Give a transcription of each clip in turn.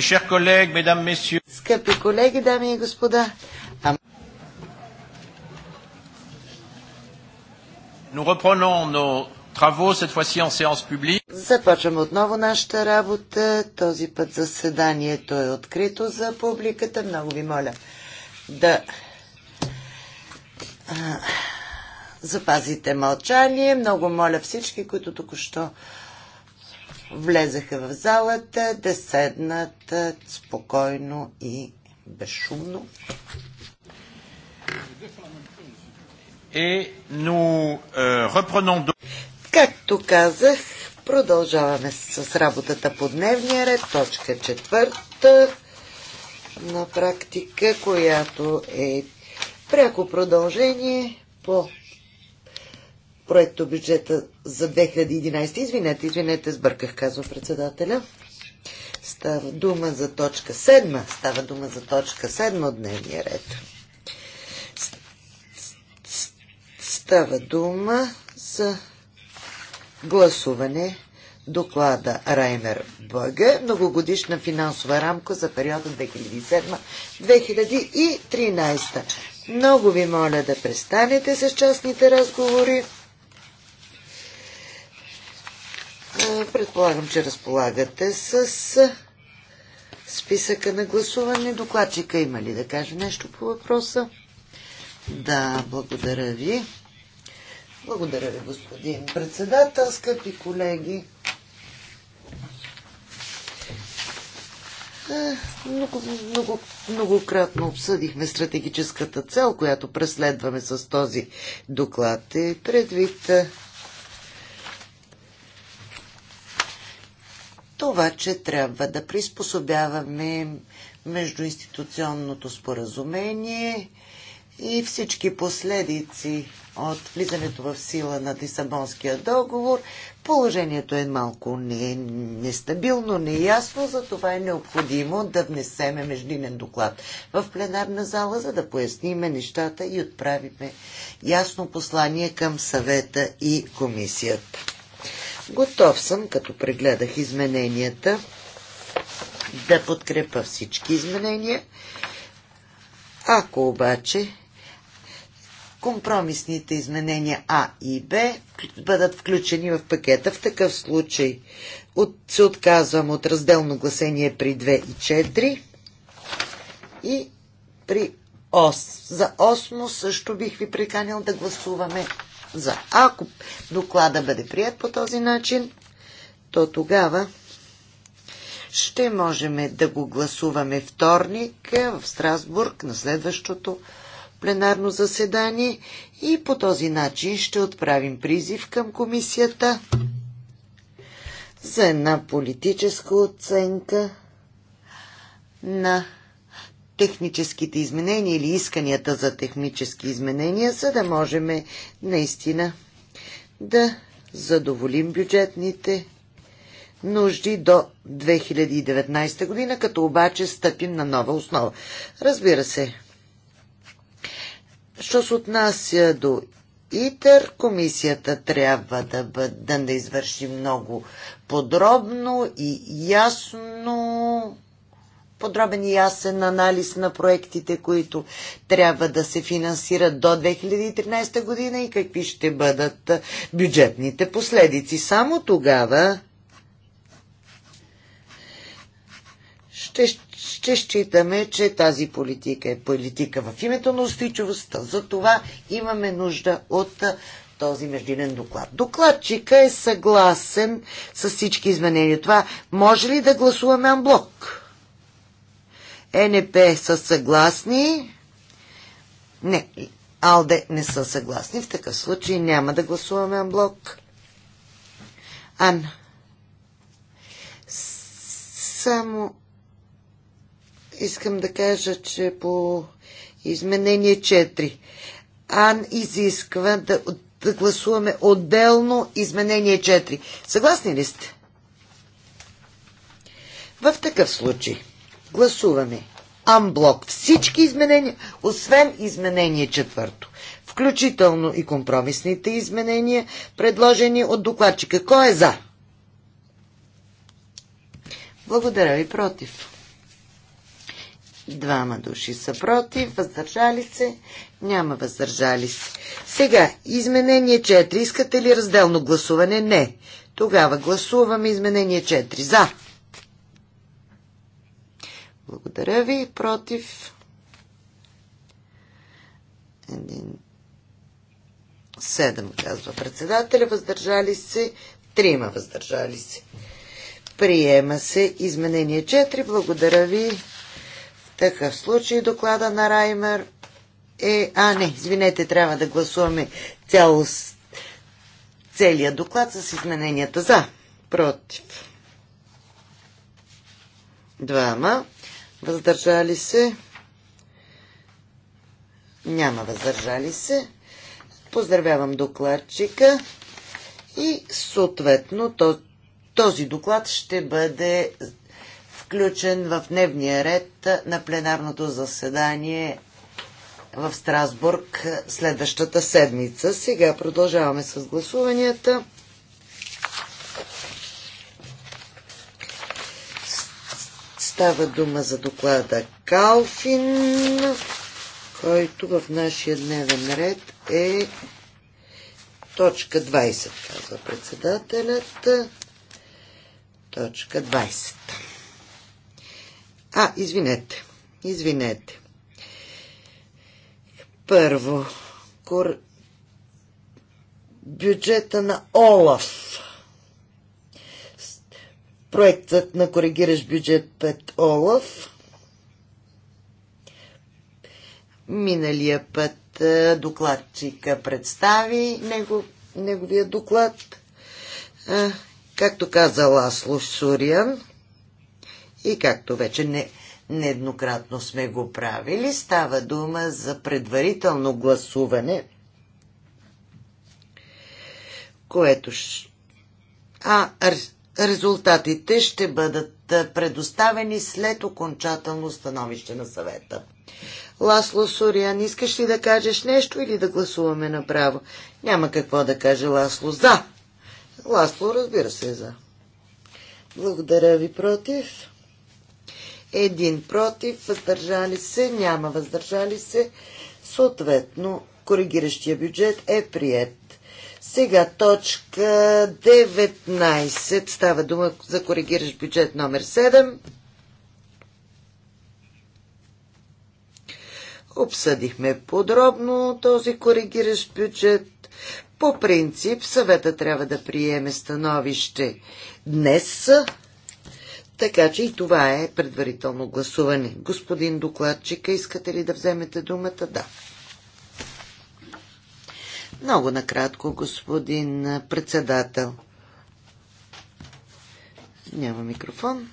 Скъпи колеги, дами и господа, Nous reprenons nos travaux, cette fois-ci en séance publique. Започваме отново нашата работа. Този път заседанието е открито за публиката. Много ви моля да запазите мълчание. Много моля всички, които току-що влезаха в залата, да седнат спокойно и безшумно. И ну, euh, Както казах, продължаваме с работата по дневния ред, точка четвърта на практика, която е пряко продължение по проекто бюджета за 2011. Извинете, извинете, сбърках, казва председателя. Става дума за точка 7. Става дума за точка 7 от дневния ред. Става дума за гласуване доклада Раймер БГ, многогодишна финансова рамка за периода 2007-2013. Много ви моля да престанете с частните разговори. Е, предполагам, че разполагате с списъка на гласуване. Докладчика има ли да каже нещо по въпроса? Да, благодаря ви. Благодаря ви, господин председател, скъпи колеги. Е, много, много, многократно обсъдихме стратегическата цел, която преследваме с този доклад. И предвид е, това, че трябва да приспособяваме междуинституционното споразумение и всички последици от влизането в сила на Лисабонския договор. Положението е малко не, нестабилно, неясно, затова е необходимо да внесеме междинен доклад в пленарна зала, за да поясниме нещата и отправиме ясно послание към съвета и комисията. Готов съм, като прегледах измененията, да подкрепа всички изменения. Ако обаче компромисните изменения А и Б бъдат включени в пакета. В такъв случай от, се отказвам от разделно гласение при 2 и 4 и при 8. За 8 също бих ви приканил да гласуваме за. Ако доклада бъде прият по този начин, то тогава ще можем да го гласуваме вторник в Страсбург на следващото пленарно заседание и по този начин ще отправим призив към комисията за една политическа оценка на техническите изменения или исканията за технически изменения, за да можем наистина да задоволим бюджетните нужди до 2019 година, като обаче стъпим на нова основа. Разбира се, що се отнася до ИТЕР, комисията трябва да, бъд, да, извърши много подробно и ясно подробен и ясен анализ на проектите, които трябва да се финансират до 2013 година и какви ще бъдат бюджетните последици. Само тогава ще, ще считаме, че тази политика е политика в името на устойчивостта. За това имаме нужда от този междинен доклад. Докладчика е съгласен с всички изменения. Това може ли да гласуваме анблок? НП са съгласни. Не, АЛДЕ не са съгласни. В такъв случай няма да гласуваме блок. Ан. Само искам да кажа, че по изменение 4 Ан изисква да, да гласуваме отделно изменение 4. Съгласни ли сте? В такъв случай Гласуваме. Амблок. Всички изменения, освен изменение четвърто. Включително и компромисните изменения, предложени от докладчика. Кой е за? Благодаря ви. Против. Двама души са против, въздържали се, няма въздържали се. Сега, изменение 4. Искате ли разделно гласуване? Не. Тогава гласуваме изменение 4. За. Благодаря ви. Против. Един. Седем, казва председателя. Въздържали се. Трима въздържали се. Приема се изменение 4. Благодаря ви. В такъв случай доклада на Раймер е... А, не, извинете, трябва да гласуваме цял... целият доклад с измененията за. Против. Двама въздържали се, няма въздържали се. Поздравявам докладчика и съответно този доклад ще бъде включен в дневния ред на пленарното заседание в Страсбург следващата седмица. Сега продължаваме с гласуванията. Става дума за доклада Калфин, който в нашия дневен ред е точка 20, казва председателят. Точка 20. А, извинете. Извинете. Първо, кор... бюджета на Олаф проектът на коригиращ бюджет 5 ОЛАФ. Миналия път е, докладчика представи него, неговия доклад. Е, както каза Ласло Суриан, и както вече не, нееднократно сме го правили, става дума за предварително гласуване, което... Ш... А, Резултатите ще бъдат предоставени след окончателно становище на съвета. Ласло Сориан, искаш ли да кажеш нещо или да гласуваме направо? Няма какво да каже Ласло. За! Ласло, разбира се, за. Благодаря ви против. Един против, въздържали се, няма въздържали се. Съответно, коригиращия бюджет е прият. Сега точка 19. Става дума за коригираш бюджет номер 7. Обсъдихме подробно този коригиращ бюджет. По принцип съвета трябва да приеме становище днес, така че и това е предварително гласуване. Господин докладчика, искате ли да вземете думата? Да. Много накратко, господин председател. Няма микрофон.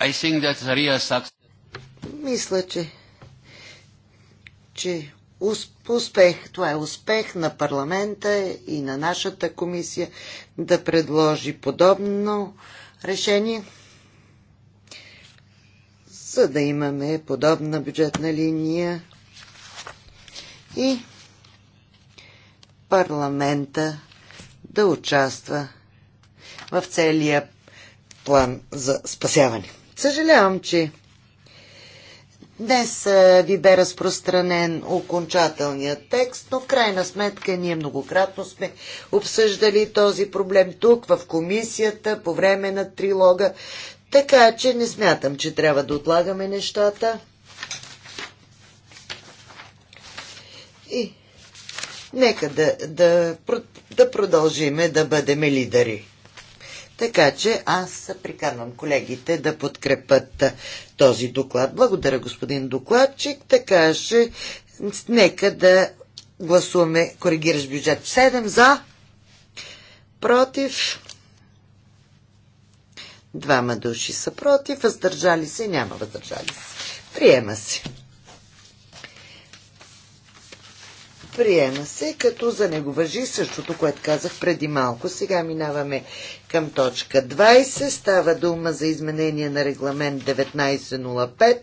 I think that real success... Мисля, че, че успех, това е успех на парламента и на нашата комисия да предложи подобно решение за да имаме подобна бюджетна линия и парламента да участва в целия план за спасяване. Съжалявам, че днес ви бе разпространен окончателният текст, но в крайна сметка ние многократно сме обсъждали този проблем тук, в комисията, по време на трилога, така че не смятам, че трябва да отлагаме нещата. И нека да, да, да продължиме да бъдем лидери. Така че аз приканвам колегите да подкрепят този доклад. Благодаря, господин докладчик. Така че нека да гласуваме коригираш бюджет 7 за, против, Двама души са против, въздържали се, няма въздържали се. Приема се. Приема се, като за него въжи същото, което казах преди малко. Сега минаваме към точка 20. Става дума за изменение на регламент 1905.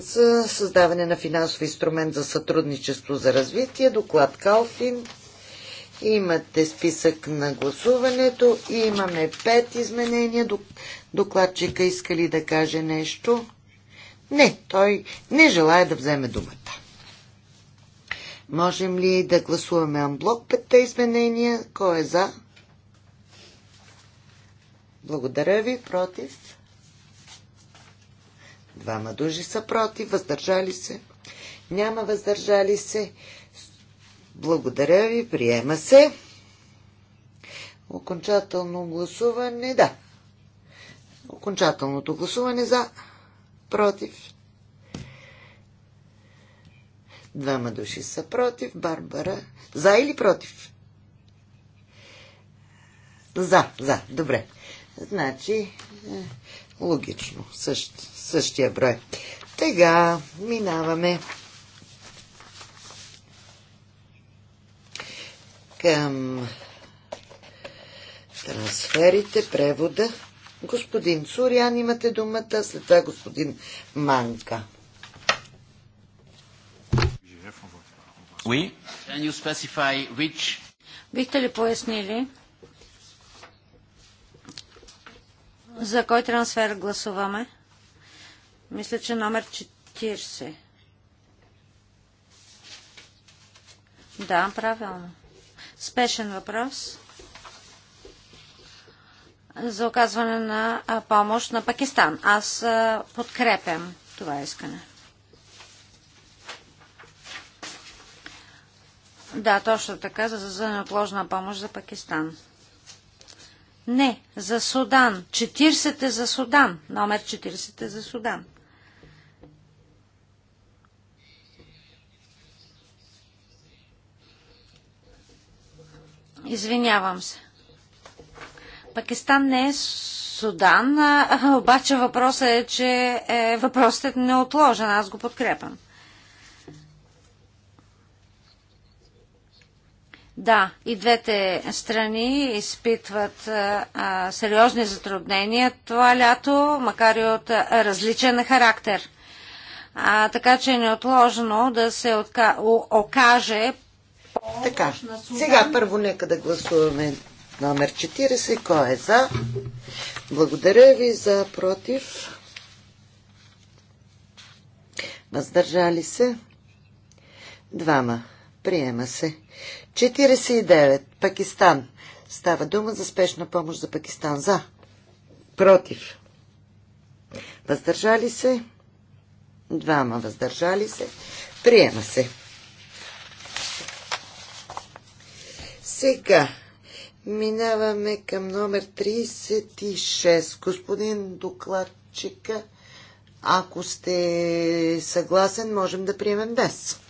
за създаване на финансов инструмент за сътрудничество за развитие. Доклад Калфин. Имате списък на гласуването. Имаме пет изменения. Докладчика иска ли да каже нещо? Не, той не желая да вземе думата. Можем ли да гласуваме анблок петте изменения? Кой е за? Благодаря ви. Против? Двама души са против. Въздържали се? Няма въздържали се. Благодаря ви, приема се. Окончателно гласуване, да. Окончателното гласуване за, против. Двама души са против. Барбара. За или против? За, за. Добре. Значи, е, логично. Същ, същия брой. Тега минаваме към трансферите, превода. Господин Цурян, имате думата, след това господин Манка. Oui. Can you specify which... Бихте ли пояснили за кой трансфер гласуваме? Мисля, че номер 40. Да, правилно спешен въпрос за оказване на помощ на Пакистан. Аз подкрепям това искане. Да, точно така, за, за неотложна помощ за Пакистан. Не, за Судан. 40 е за Судан. Номер 40 е за Судан. Извинявам се. Пакистан не е Судан, а, обаче въпросът е, че е, въпросът е неотложен. Аз го подкрепям. Да, и двете страни изпитват а, а, сериозни затруднения това лято, макар и от а, различен характер. А, така че е неотложно да се отка... окаже така, сега първо нека да гласуваме номер 40. Кой е за? Благодаря ви за против. Въздържали се? Двама. Приема се. 49. Пакистан. Става дума за спешна помощ за Пакистан. За. Против. Въздържали се? Двама въздържали се. Приема се. Сега минаваме към номер 36. Господин докладчика, ако сте съгласен, можем да приемем днес.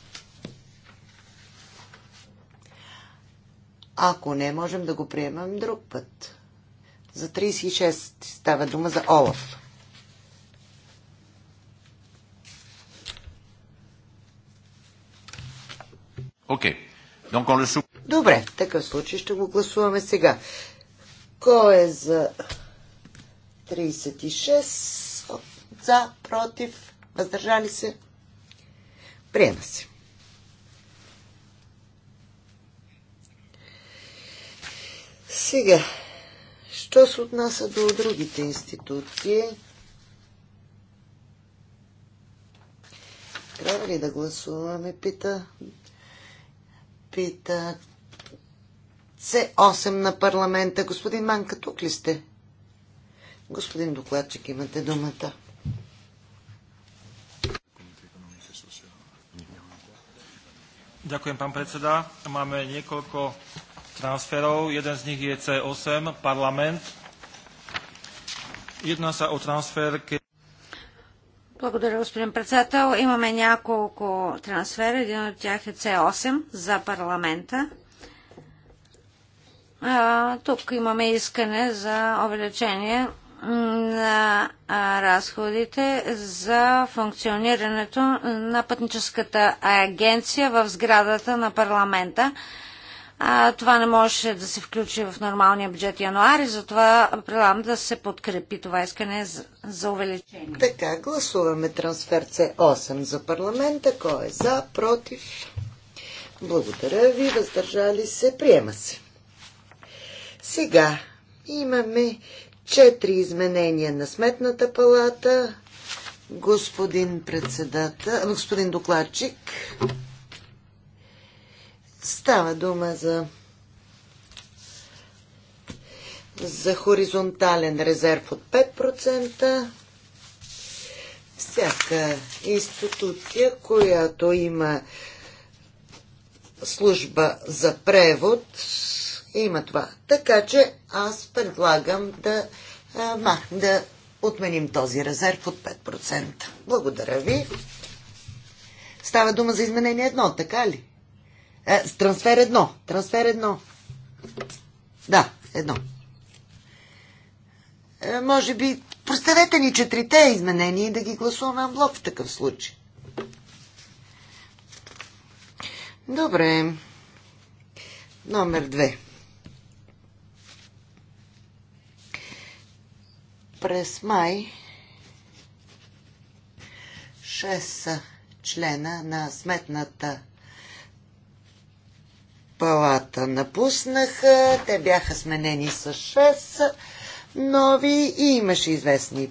Ако не, можем да го приемем друг път. За 36 става дума за Олаф. Окей. Okay. Donc on le Добре, в такъв случай ще го гласуваме сега. Кой е за 36? За, против, въздържали се? Приема се. Сега, що се отнася до другите институции? Трябва ли да гласуваме, пита, пита C8 на парламента. Господин Манка, тук ли сте? Господин докладчик, имате думата. Ďakujem, пан председа. Маме niekoľko трансферов. Jeden з них е C8, парламент. Една са о трансфер... Благодаря, господин председател. Имаме няколко трансфера. Един от тях е C8 за парламента. А, тук имаме искане за увеличение на разходите за функционирането на пътническата агенция в сградата на парламента. А, това не можеше да се включи в нормалния бюджет януари, затова предлагам да се подкрепи това искане за, за увеличение. Така, гласуваме трансфер С8 за парламента. Кой е за, против? Благодаря ви, въздържали се, приема се. Сега имаме четири изменения на Сметната палата. Господин председател, господин докладчик, става дума за за хоризонтален резерв от 5%. Всяка институция, която има служба за превод, има това. Така че аз предлагам да, а, да отменим този резерв от 5%. Благодаря ви. Става дума за изменение едно, така ли? Е, с трансфер едно. Трансфер едно. Да, едно. Е, може би, проставете ни четирите изменения и да ги гласуваме блок в такъв случай. Добре. Номер две. През май 6 члена на сметната палата напуснаха. Те бяха сменени с 6 нови и имаше известни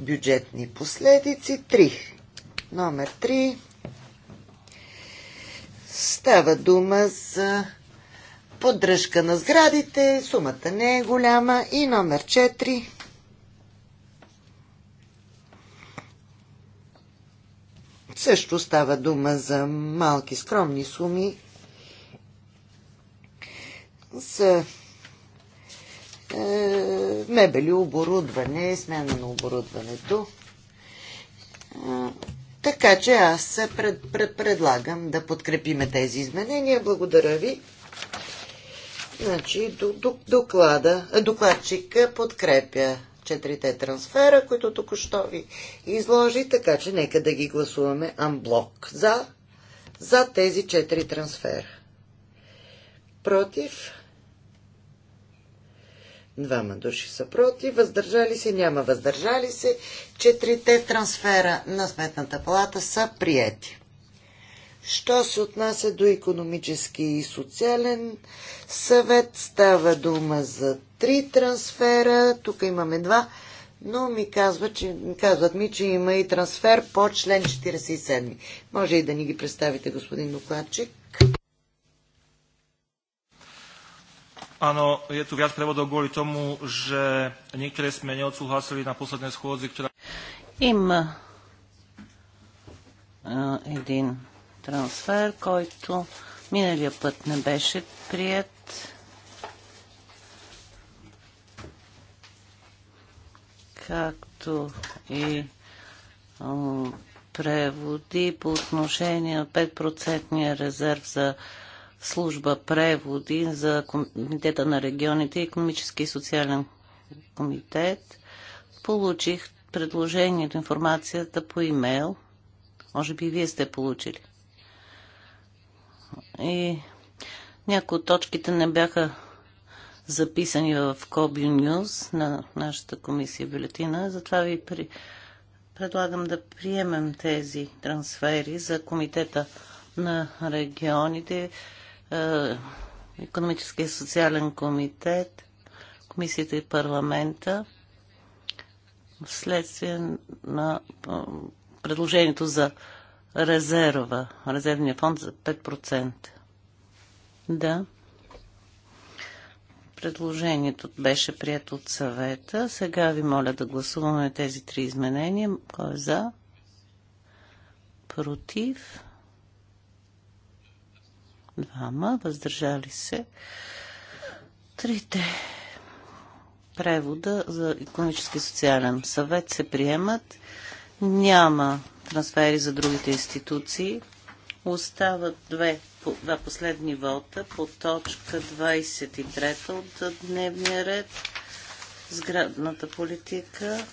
бюджетни последици. 3. Номер 3. Става дума за поддръжка на сградите, сумата не е голяма и номер 4. Също става дума за малки скромни суми за е, мебели, оборудване, смяна на оборудването. Така че аз пред, пред, предлагам да подкрепиме тези изменения. Благодаря ви. Значи доклада, е, докладчика подкрепя четирите трансфера, които току-що ви изложи, така че нека да ги гласуваме Анблок за, за тези четири трансфера. Против? Двама души са против, въздържали се, няма въздържали се. Четирите трансфера на Сметната палата са приети. Що се отнася до економически и социален съвет, става дума за три трансфера. Тук имаме два, но ми казва, че, казват ми, че има и трансфер по член 47. Може и да ни ги представите, господин докладчик. Áno, je tu viac prevodov kvôli tomu, že niektoré sme neodsúhlasili na poslednej schôdzi, ktorá... Има един трансфер, който миналия път не беше прият. Както и преводи по отношение на 5% резерв за служба преводи за Комитета на регионите и економически и социален комитет. Получих предложението, информацията по имейл. Може би вие сте получили и някои от точките не бяха записани в Кобю Ньюз на нашата комисия бюлетина. Затова ви при... предлагам да приемем тези трансфери за комитета на регионите, економическия и социален комитет, комисията и парламента вследствие на е, предложението за резерва, резервния фонд за 5%. Да. Предложението беше прието от съвета. Сега ви моля да гласуваме тези три изменения. Кой е за? Против? Двама. Въздържали се. Трите. Превода за економически и социален съвет се приемат. Няма трансфери за другите институции. Остават две, два последни вота по точка 23 от дневния ред. Сградната политика.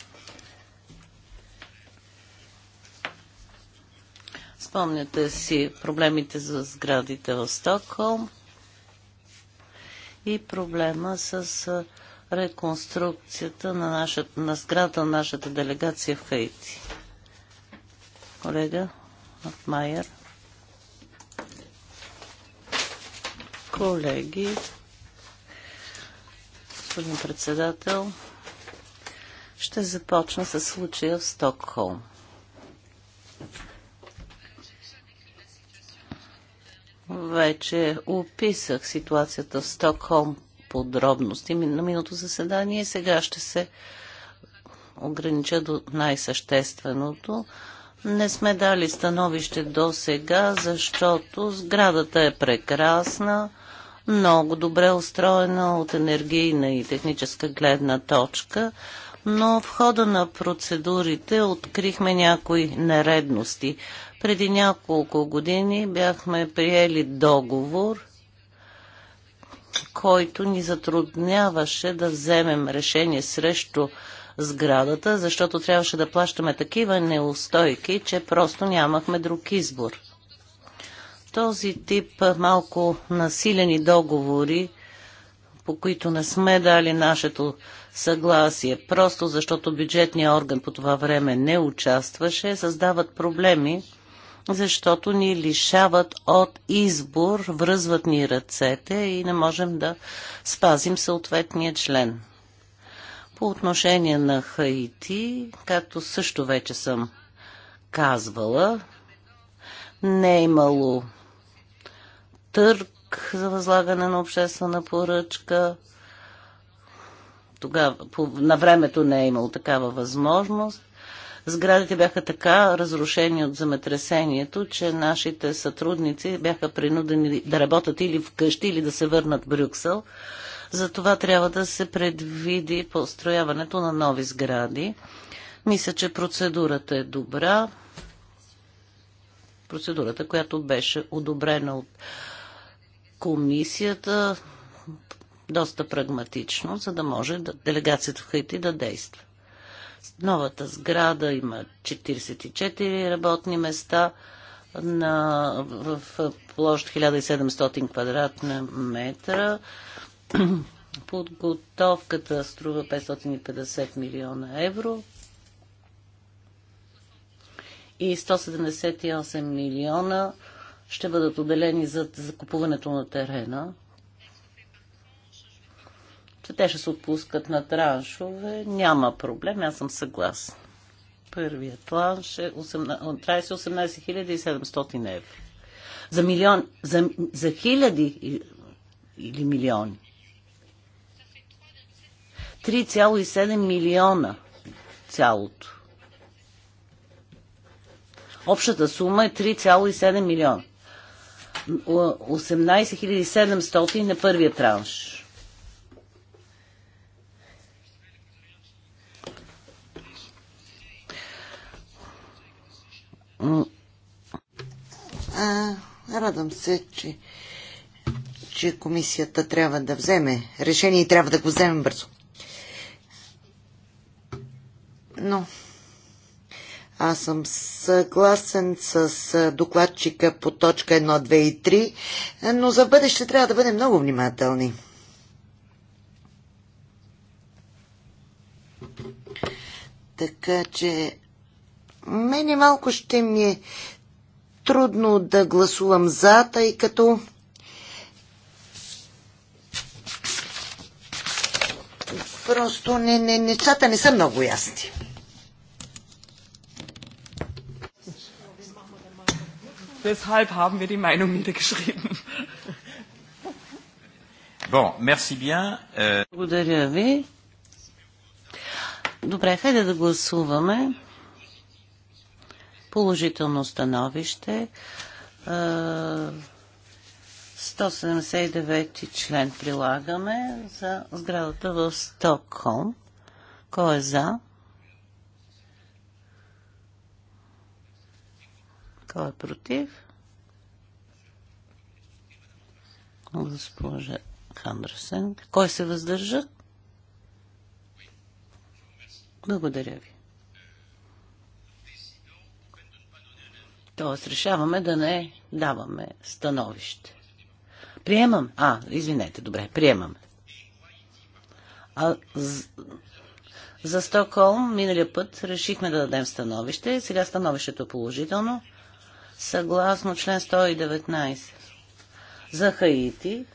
Спомняте си проблемите за сградите в Стокхолм и проблема с реконструкцията на, нашата, на сграда на нашата делегация в Хаити колега от Майер. Колеги, господин председател, ще започна с случая в Стокхолм. Вече описах ситуацията в Стокхолм подробности на миналото заседание сега ще се огранича до най-същественото. Не сме дали становище до сега, защото сградата е прекрасна, много добре устроена от енергийна и техническа гледна точка, но в хода на процедурите открихме някои нередности. Преди няколко години бяхме приели договор, който ни затрудняваше да вземем решение срещу сградата, защото трябваше да плащаме такива неустойки, че просто нямахме друг избор. Този тип малко насилени договори, по които не сме дали нашето съгласие, просто защото бюджетният орган по това време не участваше, създават проблеми, защото ни лишават от избор, връзват ни ръцете и не можем да спазим съответния член. По отношение на Хаити, както също вече съм казвала, не е имало търг за възлагане на обществена поръчка. Тогава, по, на времето не е имало такава възможност. Сградите бяха така разрушени от земетресението, че нашите сътрудници бяха принудени да работят или вкъщи, или да се върнат в Брюксел. Затова трябва да се предвиди построяването на нови сгради. Мисля, че процедурата е добра. Процедурата, която беше одобрена от комисията, доста прагматично, за да може делегацията в Хаити да действа. Новата сграда има 44 работни места на, в площ 1700 квадратна метра. Подготовката струва 550 милиона евро и 178 милиона ще бъдат отделени за закупуването на терена че те ще се отпускат на траншове, няма проблем, аз съм съгласна. Първият транш е 18 700 евро. За, милион, за, за хиляди или милиони. 3,7 милиона цялото. Общата сума е 3,7 милиона. 18 700 на първия транш. А, радвам се, че, че комисията трябва да вземе решение и трябва да го вземем бързо. Но аз съм съгласен с докладчика по точка 1, 2 и 3, но за бъдеще трябва да бъдем много внимателни. Така че мене малко ще ми е трудно да гласувам за, тъй като просто не, не, нещата не са много ясни. Deshalb haben wir die Meinung niedergeschrieben. Bon, merci bien. Euh, Благодаря ви. Добре, хайде да гласуваме. Положително становище. 179 член прилагаме за сградата в Стокхолм. Кой е за? Кой е против? Госпожа Хандрсен. Кой се въздържа? Благодаря ви. Тоест, решаваме да не даваме становище. Приемам. А, извинете, добре, приемам. А, за, за Стокхолм миналия път решихме да дадем становище. Сега становището е положително. Съгласно член 119 за Хаити,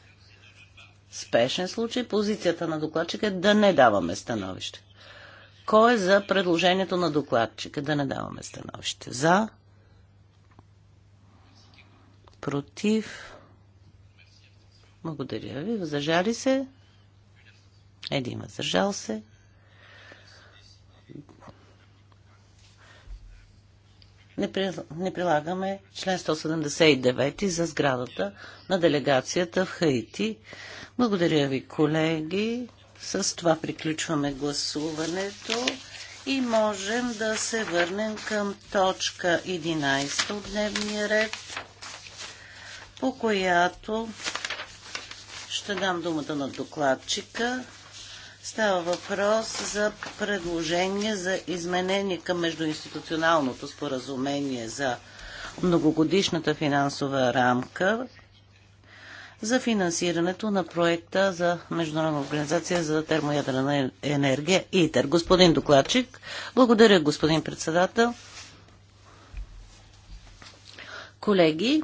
спешен случай, позицията на докладчика е да не даваме становище. Кой е за предложението на докладчика да не даваме становище? За? против. Благодаря ви. Въздържали се? Един въздържал се. Не, при... не прилагаме член 179 за сградата на делегацията в Хаити. Благодаря ви, колеги. С това приключваме гласуването и можем да се върнем към точка 11 от дневния ред по която ще дам думата на докладчика. Става въпрос за предложение за изменение към междуинституционалното споразумение за многогодишната финансова рамка за финансирането на проекта за Международна организация за термоядрена енергия ИТЕР. Господин докладчик, благодаря господин председател. Колеги,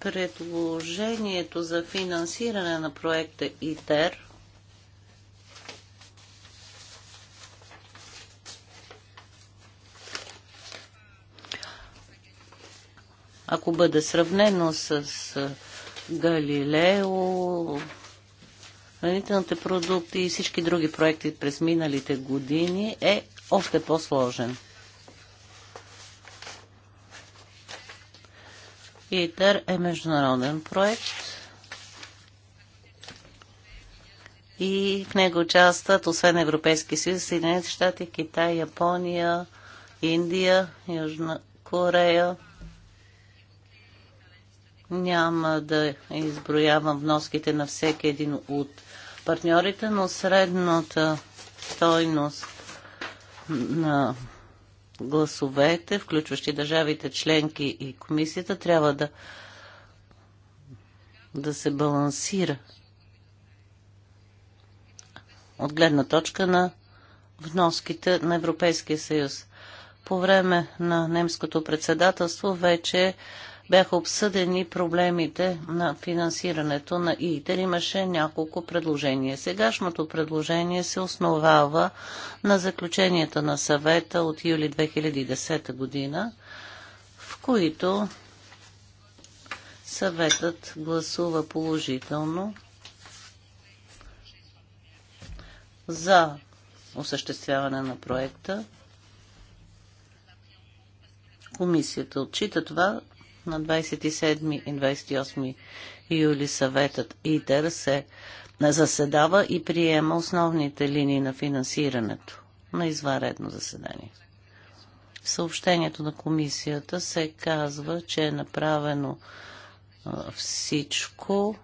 предложението за финансиране на проекта ИТЕР ако бъде сравнено с Галилео, хранителните продукти и всички други проекти през миналите години, е още по-сложен. ИТЕР е международен проект и в него участват, освен Европейски съюз, Съединените щати, Китай, Япония, Индия, Южна Корея. Няма да изброявам вноските на всеки един от партньорите, но средната стойност на гласовете, включващи държавите членки и комисията, трябва да, да се балансира от гледна точка на вноските на Европейския съюз. По време на немското председателство вече бяха обсъдени проблемите на финансирането на ИТЕР. Имаше няколко предложения. Сегашното предложение се основава на заключенията на съвета от юли 2010 година, в които съветът гласува положително за осъществяване на проекта. Комисията отчита това, на 27 и 28 юли съветът ИТЕР се заседава и приема основните линии на финансирането на извънредно заседание. В съобщението на комисията се казва, че е направено всичко.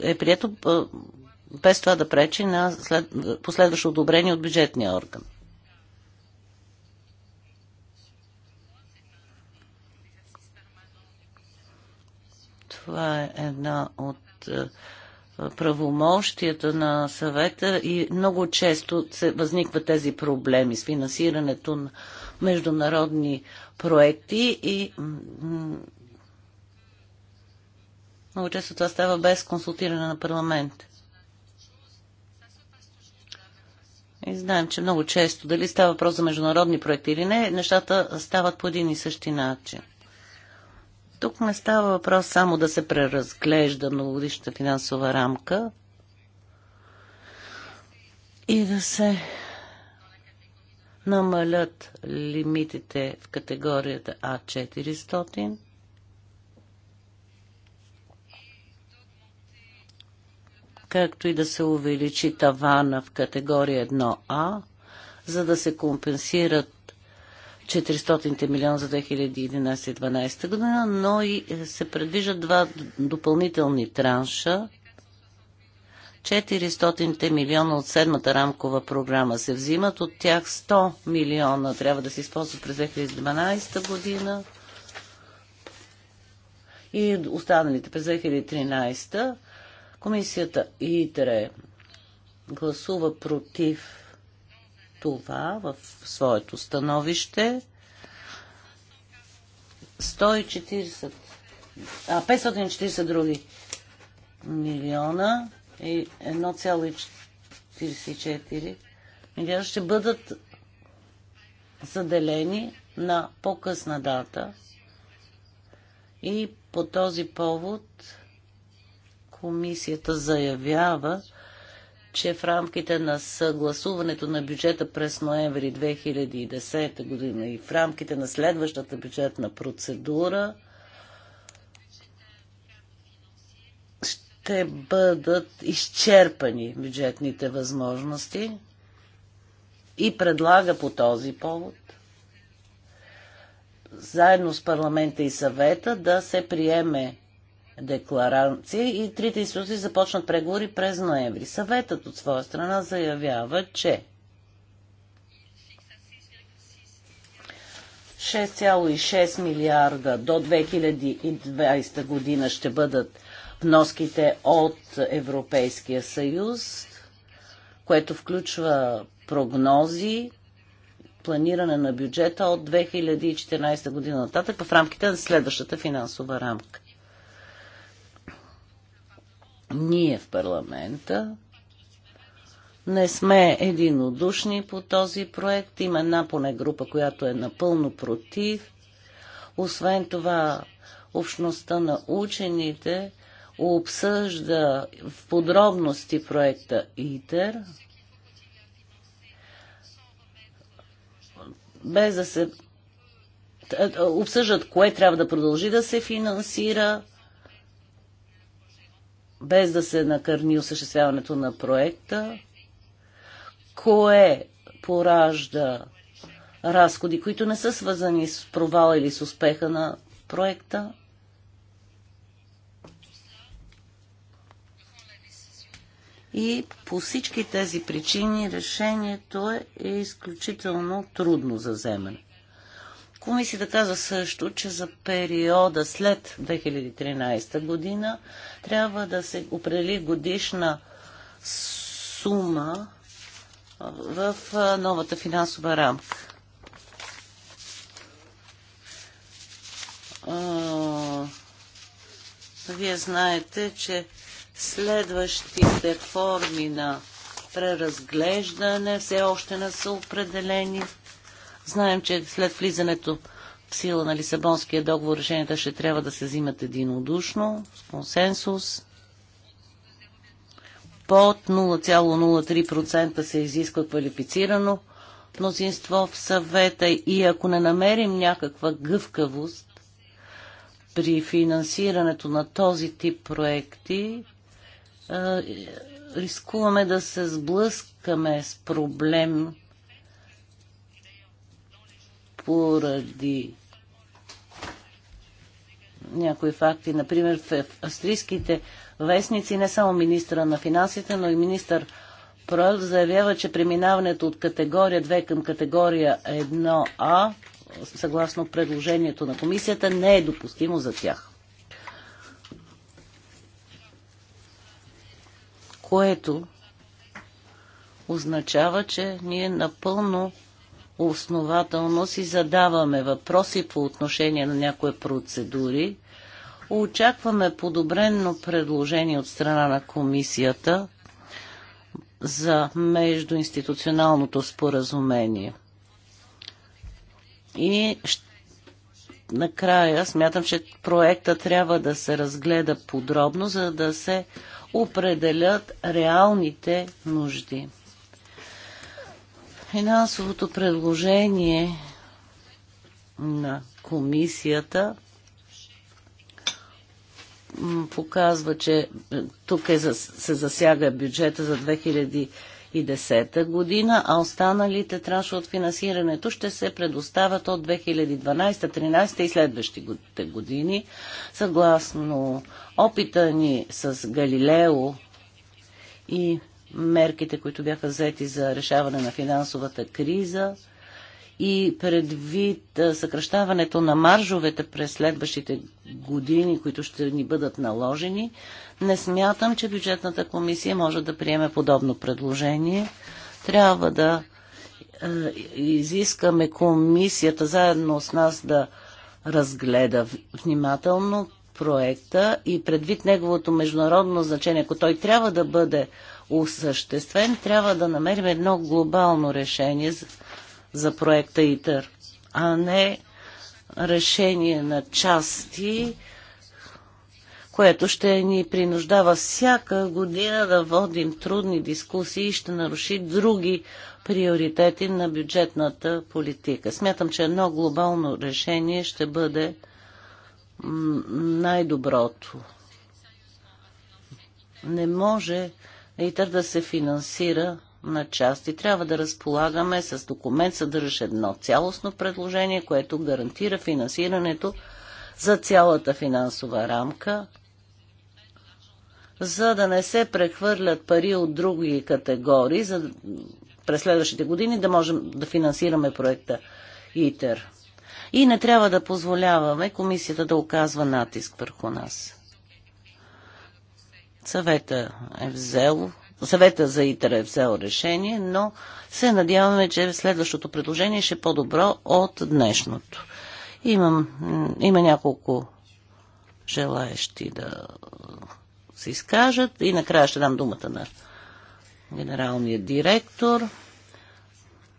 Е прието без това да пречи на последващо одобрение от бюджетния орган. Това е една от е, правомощията на съвета и много често се възникват тези проблеми с финансирането на международни проекти и много често това става без консултиране на парламент. И знаем, че много често, дали става въпрос за международни проекти или не, нещата стават по един и същи начин. Тук не става въпрос само да се преразглежда многогодишната финансова рамка и да се намалят лимитите в категорията А400 както и да се увеличи тавана в категория 1А, за да се компенсират 400 милиона за 2011-2012 година, но и е, се предвижат два допълнителни транша. 400 милиона от седмата рамкова програма се взимат, от тях 100 милиона трябва да се използват през 2012 година и останалите през 2013. Комисията ИТРЕ гласува против това в своето становище. 140, а 540 други милиона и 1,44 милиона ще бъдат заделени на по-късна дата. И по този повод комисията заявява, че в рамките на съгласуването на бюджета през ноември 2010 година и в рамките на следващата бюджетна процедура ще бъдат изчерпани бюджетните възможности и предлага по този повод заедно с парламента и съвета да се приеме декларация и трите институции започнат преговори през ноември. Съветът от своя страна заявява, че 6,6 милиарда до 2020 година ще бъдат вноските от Европейския съюз, което включва прогнози, планиране на бюджета от 2014 година нататък в рамките на следващата финансова рамка. Ние в парламента не сме единодушни по този проект. Има една поне група, която е напълно против. Освен това, общността на учените обсъжда в подробности проекта ИТЕР, без да се е, е, обсъждат кое трябва да продължи да се финансира, без да се накърни осъществяването на проекта, кое поражда разходи, които не са свързани с провала или с успеха на проекта. И по всички тези причини решението е, е изключително трудно за вземане. Комисията каза също, че за периода след 2013 година трябва да се определи годишна сума в новата финансова рамка. Вие знаете, че следващите форми на преразглеждане все още не са определени Знаем, че след влизането в сила на Лисабонския договор решенията ще трябва да се взимат единодушно, с консенсус. Под 0,03% се изисква квалифицирано мнозинство в съвета и ако не намерим някаква гъвкавост при финансирането на този тип проекти, рискуваме да се сблъскаме с проблем, поради някои факти. Например, в австрийските вестници не само министра на финансите, но и министър Проел заявява, че преминаването от категория 2 към категория 1А, съгласно предложението на комисията, не е допустимо за тях. Което означава, че ние напълно основателно си задаваме въпроси по отношение на някои процедури. Очакваме подобрено предложение от страна на комисията за междуинституционалното споразумение. И накрая смятам, че проекта трябва да се разгледа подробно, за да се определят реалните нужди. Финансовото предложение на комисията показва, че е, тук е, се засяга бюджета за 2010 година, а останалите транши от финансирането ще се предоставят от 2012, 2013 и следващите години. Съгласно опита ни с Галилео и мерките, които бяха взети за решаване на финансовата криза и предвид съкръщаването на маржовете през следващите години, които ще ни бъдат наложени, не смятам, че бюджетната комисия може да приеме подобно предложение. Трябва да изискаме комисията заедно с нас да разгледа внимателно проекта и предвид неговото международно значение, ако той трябва да бъде осъществен, трябва да намерим едно глобално решение за, за проекта ИТЕР, а не решение на части, което ще ни принуждава всяка година да водим трудни дискусии и ще наруши други приоритети на бюджетната политика. Смятам, че едно глобално решение ще бъде най-доброто. Не може ИТЕР да се финансира на част и Трябва да разполагаме с документ, съдържащ едно цялостно предложение, което гарантира финансирането за цялата финансова рамка, за да не се прехвърлят пари от други категории, за през следващите години да можем да финансираме проекта ИТЕР. И не трябва да позволяваме комисията да оказва натиск върху нас. Съвета е взел Съвета за ИТРА е взел решение, но се надяваме, че следващото предложение ще е по-добро от днешното. Имам, има няколко желаещи да се изкажат и накрая ще дам думата на генералния директор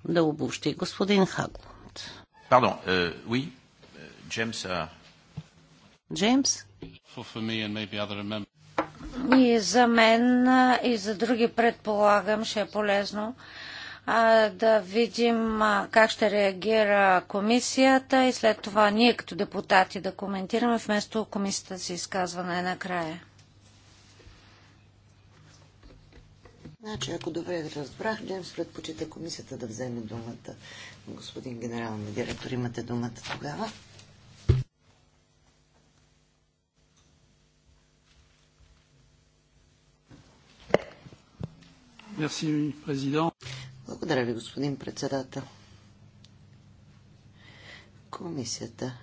да обобщи господин Хаглунд. Пардон, uh, oui, uh, uh, Джеймс. Джеймс? И за мен и за други предполагам ще е полезно а, да видим а, как ще реагира комисията и след това ние като депутати да коментираме, вместо комисията си изказва най-накрая. Значи, ако добре да разбрах, Джеймс предпочита комисията да вземе думата. Господин генерален директор, имате думата тогава. Благодаря ви, господин председател. Комисията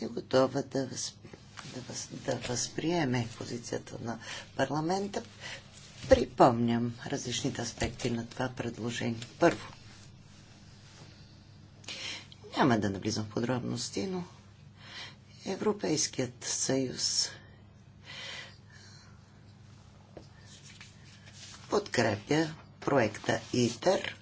е готова да, въз, да, въз, да възприеме позицията на парламента. Припомням различните аспекти на това предложение. Първо, няма да навлизам в подробности, но Европейският съюз подкрепя проекта ИТЕР,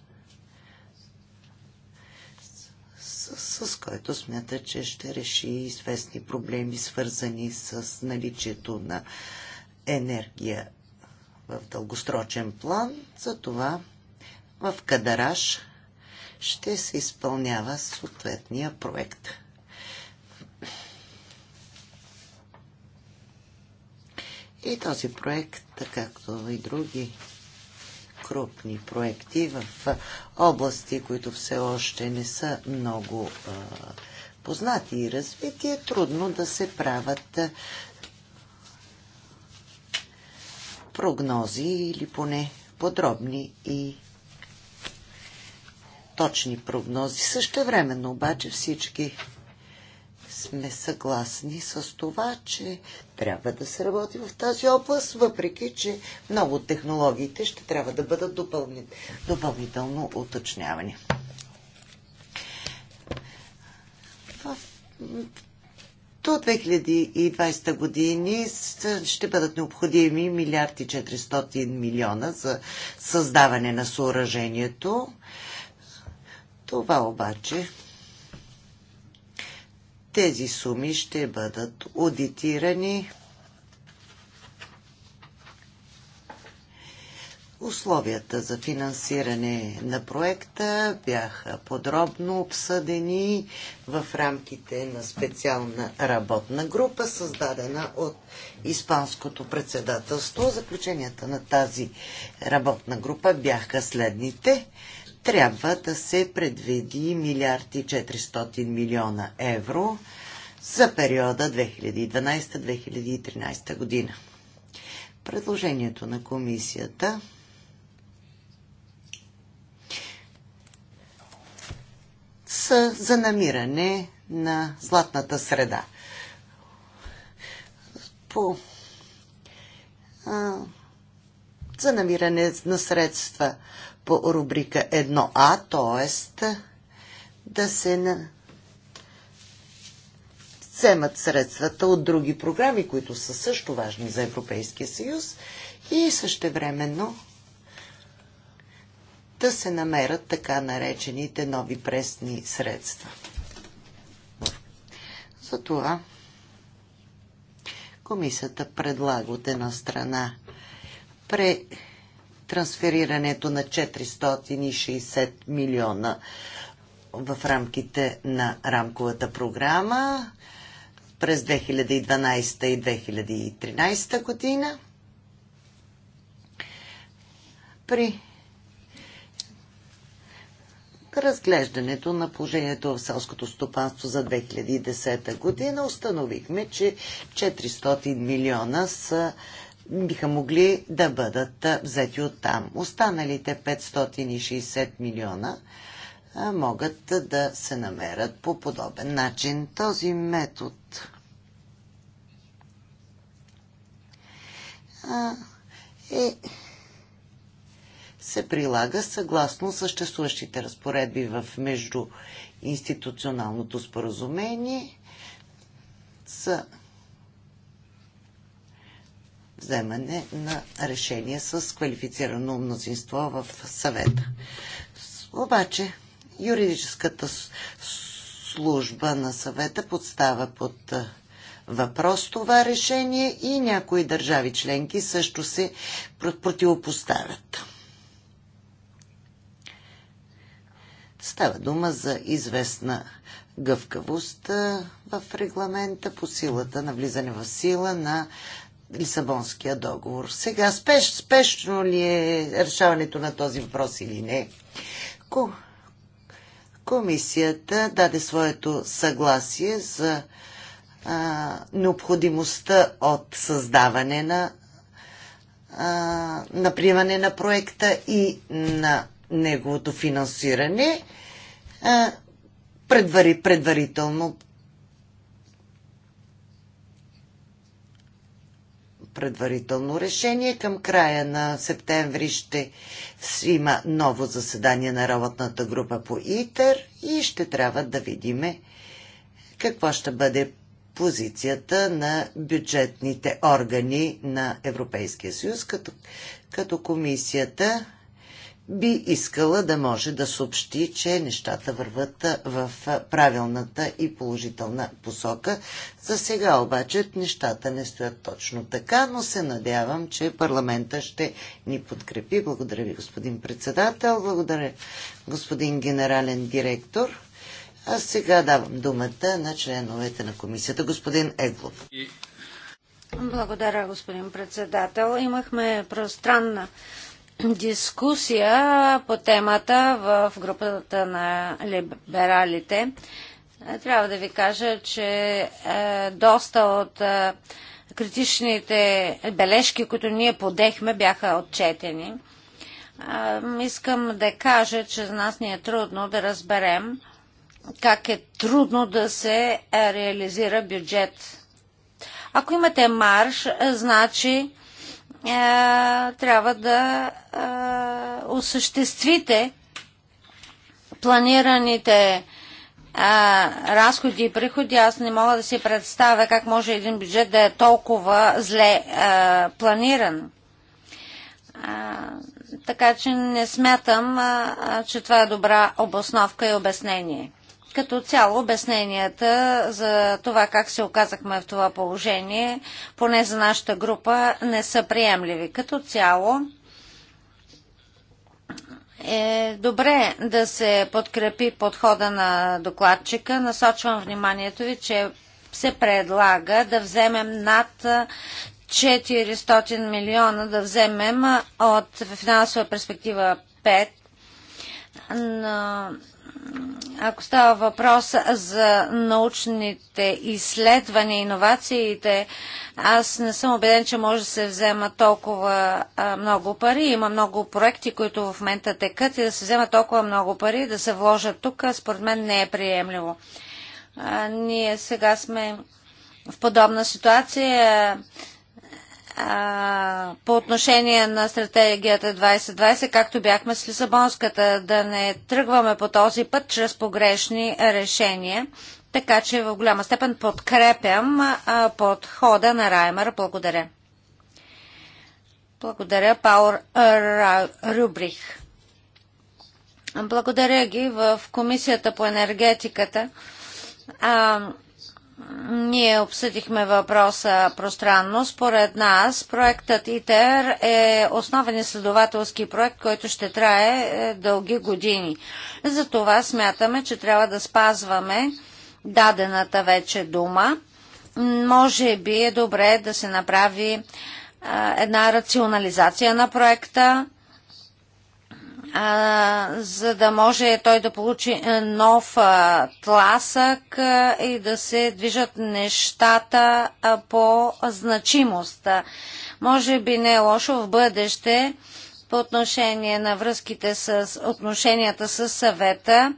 с, с който смята, че ще реши известни проблеми, свързани с наличието на енергия в дългосрочен план. Затова в Кадараш ще се изпълнява съответния проект. И този проект, както и други крупни проекти в области, които все още не са много познати и развити, е трудно да се правят прогнози или поне подробни и точни прогнози. Също времено обаче всички сме съгласни с това, че трябва да се работи в тази област, въпреки че много от технологиите ще трябва да бъдат допълни, допълнително уточнявани. В до 2020 години ще бъдат необходими милиарди 400 милиона за създаване на съоръжението. Това обаче тези суми ще бъдат аудитирани. Условията за финансиране на проекта бяха подробно обсъдени в рамките на специална работна група, създадена от Испанското председателство. Заключенията на тази работна група бяха следните трябва да се предвиди милиард и 400 милиона евро за периода 2012-2013 година. Предложението на комисията са за намиране на златната среда. По, а, за намиране на средства по рубрика 1А, т.е. да се вземат средствата от други програми, които са също важни за Европейския съюз и същевременно да се намерят така наречените нови пресни средства. Затова комисията предлага от една страна пре трансферирането на 460 милиона в рамките на рамковата програма през 2012 и 2013 година. При разглеждането на положението в селското стопанство за 2010 година установихме, че 400 милиона са биха могли да бъдат взети от там. Останалите 560 милиона могат да се намерят по подобен начин. Този метод е се прилага съгласно съществуващите разпоредби в междуинституционалното споразумение за вземане на решение с квалифицирано мнозинство в съвета. Обаче, юридическата служба на съвета подстава под въпрос това решение и някои държави членки също се противопоставят. Става дума за известна гъвкавост в регламента по силата на влизане в сила на Лисабонския договор. Сега, спеш, спешно ли е решаването на този въпрос или не? Ко... Комисията даде своето съгласие за а, необходимостта от създаване на а, наприемане приемане на проекта и на неговото финансиране. А, предвари, предварително предварително решение. Към края на септември ще има ново заседание на работната група по ИТЕР и ще трябва да видиме какво ще бъде позицията на бюджетните органи на Европейския съюз, като, като комисията би искала да може да съобщи, че нещата върват в правилната и положителна посока. За сега обаче нещата не стоят точно така, но се надявам, че парламента ще ни подкрепи. Благодаря ви, господин председател. Благодаря, господин генерален директор. А сега давам думата на членовете на комисията, господин Еглов. Благодаря, господин председател. Имахме пространна дискусия по темата в групата на либералите. Е, трябва да ви кажа, че е, доста от е, критичните бележки, които ние подехме, бяха отчетени. Искам да кажа, че за нас ни е трудно да разберем как е трудно да се реализира бюджет. Ако имате марш, значи е, трябва да е, осъществите планираните е, разходи и приходи, аз не мога да си представя как може един бюджет да е толкова зле планиран. така че не смятам, че това е добра обосновка и обяснение. Като цяло обясненията за това как се оказахме в това положение, поне за нашата група, не са приемливи. Като цяло е добре да се подкрепи подхода на докладчика. Насочвам вниманието ви, че се предлага да вземем над 400 милиона да вземем от финансова перспектива 5 на ако става въпрос за научните изследвания, иновациите, аз не съм убеден, че може да се взема толкова много пари. Има много проекти, които в момента текат и да се взема толкова много пари, да се вложат тук, според мен не е приемливо. А, ние сега сме в подобна ситуация по отношение на стратегията 2020, както бяхме с Лисабонската, да не тръгваме по този път чрез погрешни решения. Така че в голяма степен подкрепям а, подхода на Раймер. Благодаря. Благодаря, Паур Рубрих. Благодаря ги в Комисията по енергетиката. А, ние обсъдихме въпроса пространно. Според нас проектът ИТЕР е основен изследователски проект, който ще трае е, дълги години. Затова смятаме, че трябва да спазваме дадената вече дума. Може би е добре да се направи една рационализация на проекта, а, за да може той да получи е, нов а, тласък а, е, и да се движат нещата а, по значимост. А, може би не е лошо в бъдеще по отношение на връзките с отношенията с съвета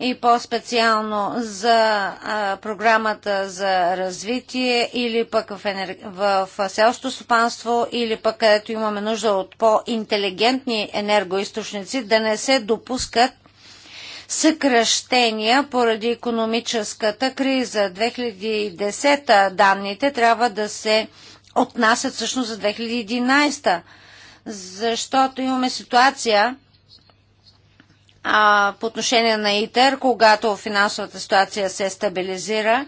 и по-специално за а, програмата за развитие или пък в, енер... в селското стопанство или пък където имаме нужда от по-интелигентни енергоисточници, да не се допускат съкръщения поради економическата криза. 2010 данните трябва да се отнасят всъщност за 2011 защото имаме ситуация а, по отношение на ИТЕР, когато финансовата ситуация се стабилизира.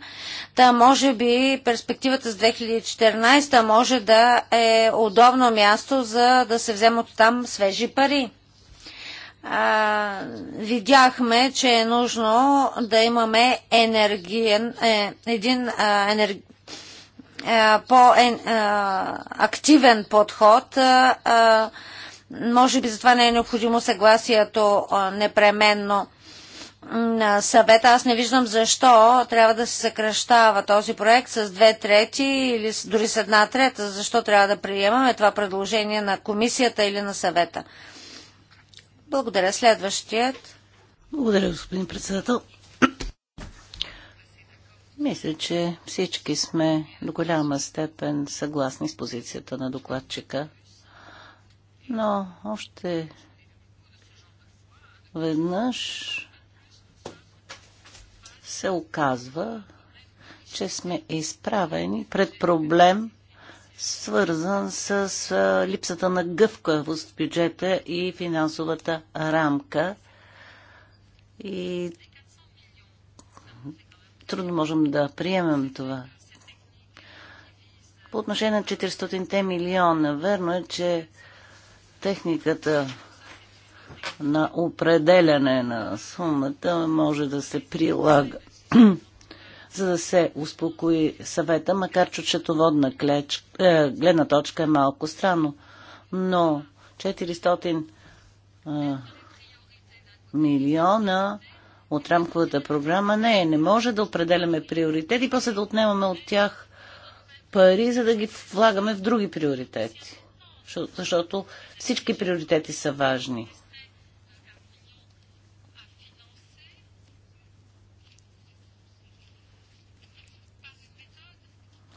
Та може би перспективата с 2014 може да е удобно място за да се вземат там свежи пари. А, видяхме, че е нужно да имаме енергиен, е, един а, енергиен е, по-активен е, подход. Е, може би за това не е необходимо съгласието непременно на съвета. Аз не виждам защо трябва да се съкръщава този проект с две трети или дори с една трета. Защо трябва да приемаме това предложение на комисията или на съвета? Благодаря. Следващият. Благодаря, господин председател. Мисля, че всички сме до голяма степен съгласни с позицията на докладчика, но още веднъж се оказва, че сме изправени пред проблем, свързан с липсата на гъвкавост в бюджета и финансовата рамка. И трудно можем да приемем това. По отношение на 400-те милиона, верно е, че техниката на определяне на сумата може да се прилага, за да се успокои съвета, макар че четоводна клеч, е, гледна точка е малко странно. Но 400 е, милиона от рамковата програма. Не, не може да определяме приоритети и после да отнемаме от тях пари, за да ги влагаме в други приоритети. Защото всички приоритети са важни.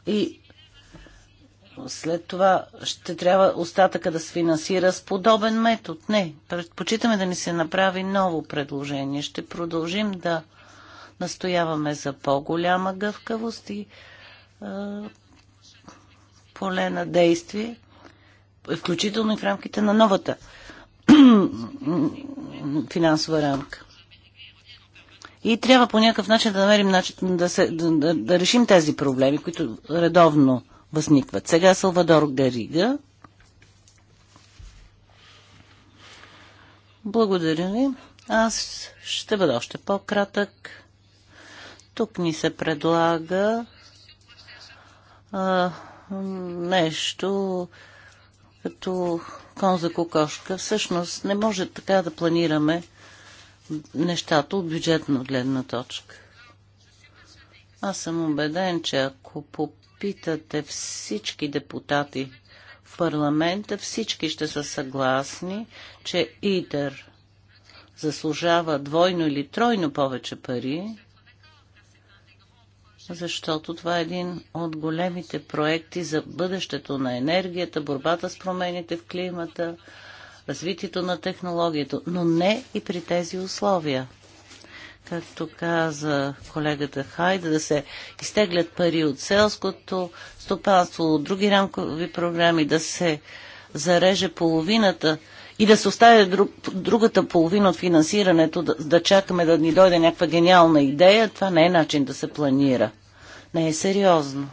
И след това ще трябва остатъка да се финансира с подобен метод. Не, предпочитаме да ни се направи ново предложение. Ще продължим да настояваме за по-голяма гъвкавост и е, поле на действие, включително и в рамките на новата финансова рамка. И трябва по някакъв начин да намерим начин да, се, да, да, да решим тези проблеми, които редовно възникват. Сега Салвадор Гарига. Благодаря ви. Аз ще бъда още по-кратък. Тук ни се предлага а, нещо като кон за кокошка. Всъщност не може така да планираме нещата от бюджетна гледна точка. Аз съм убеден, че ако по Питате всички депутати в парламента, всички ще са съгласни, че ИДЕР заслужава двойно или тройно повече пари, защото това е един от големите проекти за бъдещето на енергията, борбата с промените в климата, развитието на технологията, но не и при тези условия както каза колегата Хайда, да се изтеглят пари от селското стопанство, от други рамкови програми, да се зареже половината и да се остави друг, другата половина от финансирането, да, да чакаме да ни дойде някаква гениална идея, това не е начин да се планира. Не е сериозно.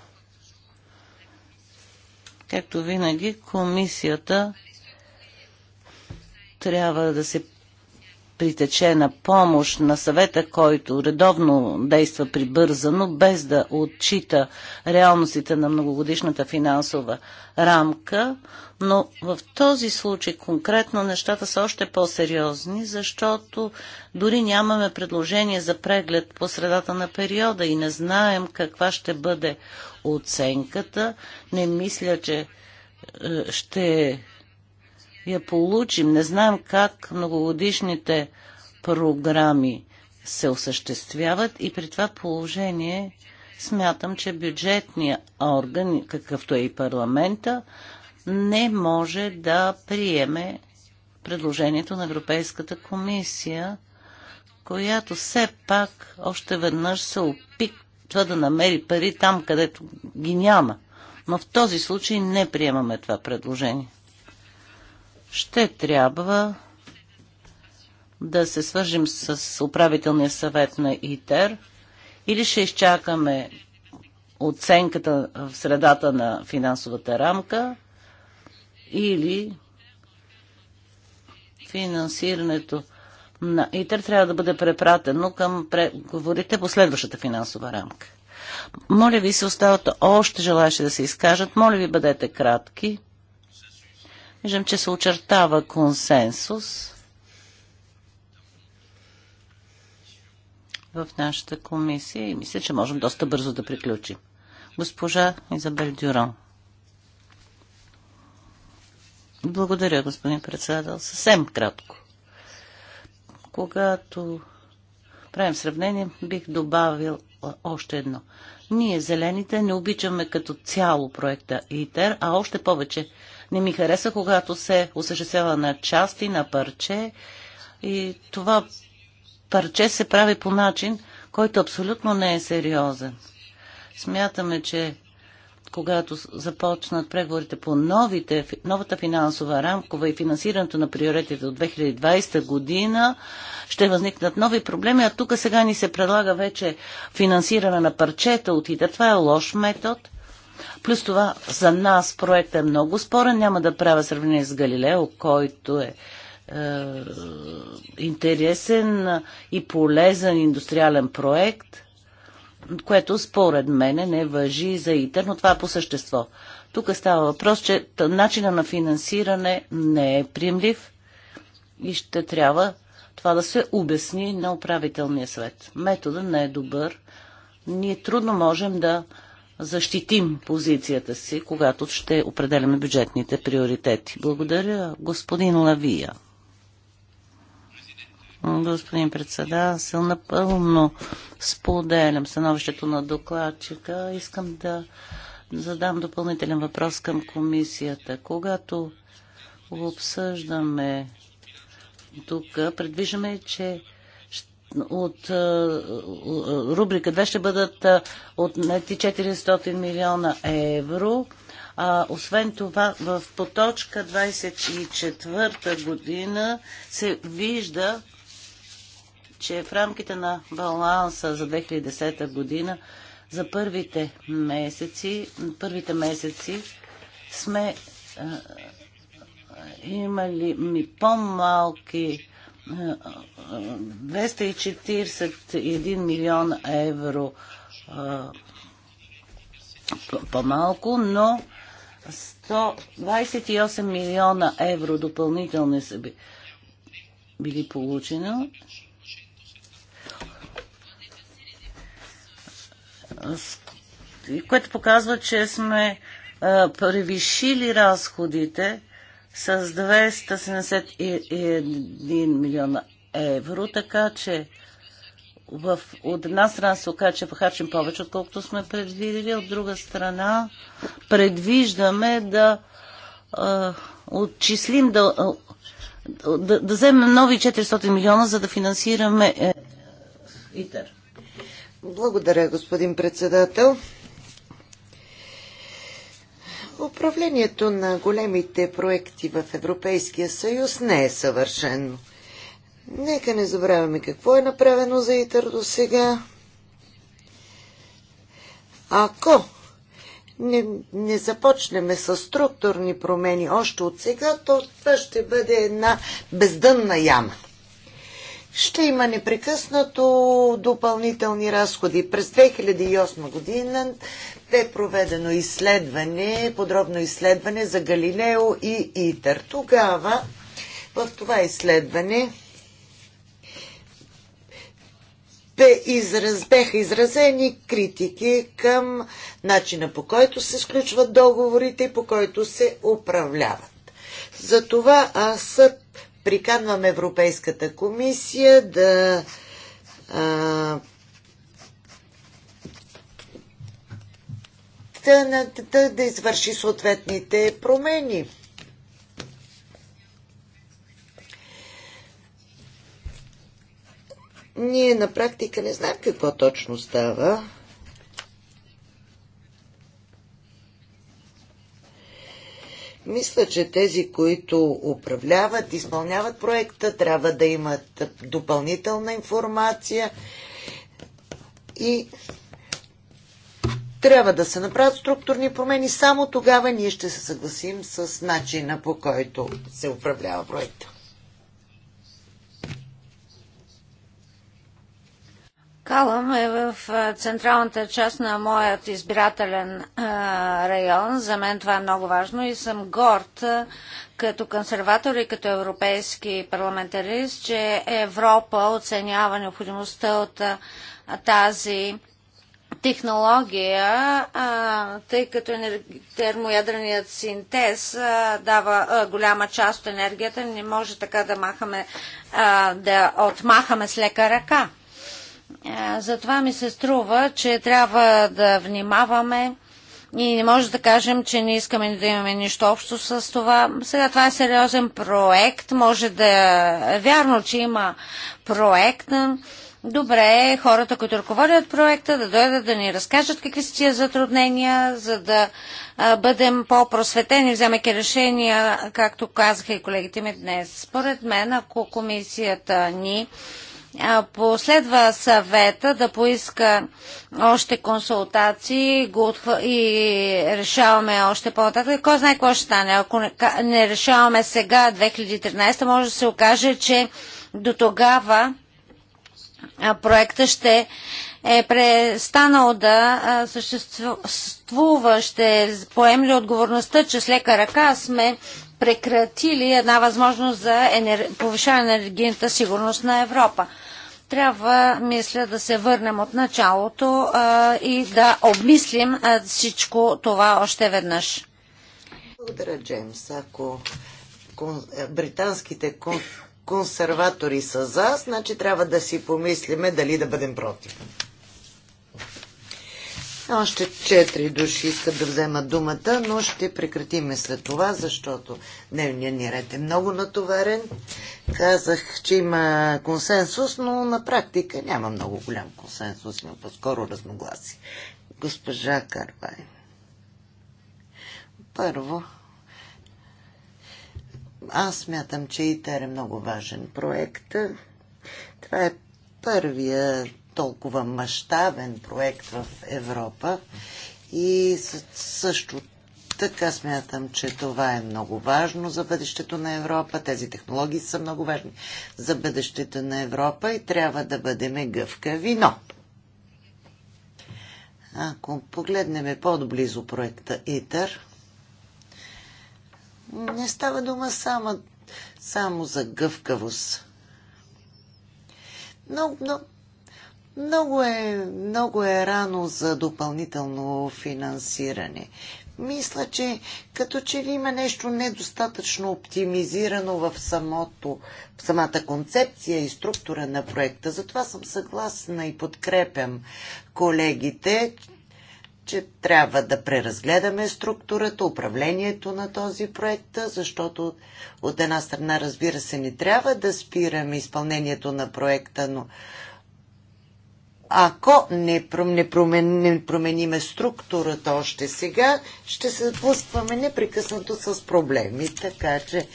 Както винаги, комисията трябва да се притечена помощ на съвета, който редовно действа прибързано, без да отчита реалностите на многогодишната финансова рамка, но в този случай конкретно нещата са още по-сериозни, защото дори нямаме предложение за преглед по средата на периода и не знаем каква ще бъде оценката. Не мисля, че е, ще я получим. Не знаем как многогодишните програми се осъществяват и при това положение смятам, че бюджетният орган, какъвто е и парламента, не може да приеме предложението на Европейската комисия, която все пак още веднъж се опитва да намери пари там, където ги няма. Но в този случай не приемаме това предложение ще трябва да се свържим с управителния съвет на ИТЕР или ще изчакаме оценката в средата на финансовата рамка или финансирането на ИТЕР трябва да бъде препратено към преговорите по следващата финансова рамка. Моля ви се остават още желаящи да се изкажат. Моля ви бъдете кратки. Виждам, че се очертава консенсус в нашата комисия и мисля, че можем доста бързо да приключим. Госпожа Изабел Дюрон. Благодаря, господин председател. Съвсем кратко. Когато правим сравнение, бих добавил още едно. Ние, зелените, не обичаме като цяло проекта ИТЕР, а още повече не ми хареса, когато се осъществява на части, на парче. И това парче се прави по начин, който абсолютно не е сериозен. Смятаме, че когато започнат преговорите по новите, новата финансова рамкова и финансирането на приоритетите от 2020 година, ще възникнат нови проблеми, а тук сега ни се предлага вече финансиране на парчета от ИТА. Това е лош метод Плюс това за нас проектът е много спорен. Няма да правя сравнение с Галилео, който е, е интересен и полезен индустриален проект, което според мене не въжи за ИТЕР, но това е по същество. Тук става въпрос, че начина на финансиране не е приемлив и ще трябва това да се обясни на управителния свет. Методът не е добър. Ние трудно можем да защитим позицията си, когато ще определяме бюджетните приоритети. Благодаря, господин Лавия. Господин председател, напълно споделям становището на докладчика. Искам да задам допълнителен въпрос към комисията. Когато обсъждаме тук, предвиждаме, че от е, е, рубрика 2 ще бъдат е, отнети 400 милиона евро. А, освен това, в поточка 24 година се вижда, че в рамките на баланса за 2010 година за първите месеци, първите месеци сме а, имали по-малки 241 милиона евро по-малко, но 128 милиона евро допълнителни са били получени. Което показва, че сме превишили разходите с 271 милиона евро, така че в, от една страна се оказа, че похарчим повече, отколкото сме предвидели, от друга страна предвиждаме да а, отчислим, да, а, да, да вземем нови 400 милиона, за да финансираме е, ИТЕР. Благодаря, господин председател. Управлението на големите проекти в Европейския съюз не е съвършено. Нека не забравяме какво е направено за ИТър до сега. Ако не, не започнеме с структурни промени още от сега, то това ще бъде една бездънна яма ще има непрекъснато допълнителни разходи. През 2008 година бе проведено изследване, подробно изследване за Галилео и Итър. Тогава в това изследване бе израз, беха изразени критики към начина по който се сключват договорите и по който се управляват. Затова аз приканвам Европейската комисия да а, да, да, да извърши съответните промени. Ние на практика не знаем какво точно става. Мисля, че тези, които управляват, изпълняват проекта, трябва да имат допълнителна информация и трябва да се направят структурни промени. Само тогава ние ще се съгласим с начина по който се управлява проекта. Калъм е в централната част на моят избирателен район. За мен това е много важно и съм горд като консерватор и като европейски парламентарист, че Европа оценява необходимостта от тази технология, тъй като термоядреният синтез дава голяма част от енергията, не може така да махаме, да отмахаме с лека ръка. Е, затова ми се струва, че трябва да внимаваме и не може да кажем, че не искаме да имаме нищо общо с това. Сега това е сериозен проект, може да е вярно, че има проект. Добре, е хората, които ръководят проекта, да дойдат да ни разкажат какви са тия затруднения, за да бъдем по-просветени, вземайки решения, както казаха и колегите ми днес. Според мен, ако комисията ни Последва съвета да поиска още консултации и решаваме още по-нататък. Кой знае какво ще стане? Ако не решаваме сега, 2013, може да се окаже, че до тогава проекта ще е престанал да съществува, ще поемли отговорността, че с лека ръка сме прекратили една възможност за енер... повишаване на енергийната сигурност на Европа. Трябва, мисля, да се върнем от началото а, и да обмислим а, всичко това още веднъж. Благодаря, Джеймс. Ако кон... Е, британските кон... консерватори са за, значи трябва да си помислиме дали да бъдем против. Още четири души искат да вземат думата, но ще прекратиме след това, защото дневният ни ред е много натоварен. Казах, че има консенсус, но на практика няма много голям консенсус, има по-скоро разногласи. Госпожа Карвай. Първо, аз смятам, че ИТЕР е много важен проект. Това е първия толкова мащабен проект в Европа и също така смятам, че това е много важно за бъдещето на Европа. Тези технологии са много важни за бъдещето на Европа и трябва да бъдем гъвка вино. ако погледнем по-близо проекта ИТЕР, не става дума само, само за гъвкавост. Много, много, много е, много е рано за допълнително финансиране. Мисля, че като че ли има нещо недостатъчно оптимизирано в, самото, в самата концепция и структура на проекта. Затова съм съгласна и подкрепям колегите, че трябва да преразгледаме структурата, управлението на този проект, защото от една страна, разбира се, не трябва да спираме изпълнението на проекта, но ако не, не, промен, не промениме структурата още сега, ще се сблъскваме непрекъснато с проблеми. Така че,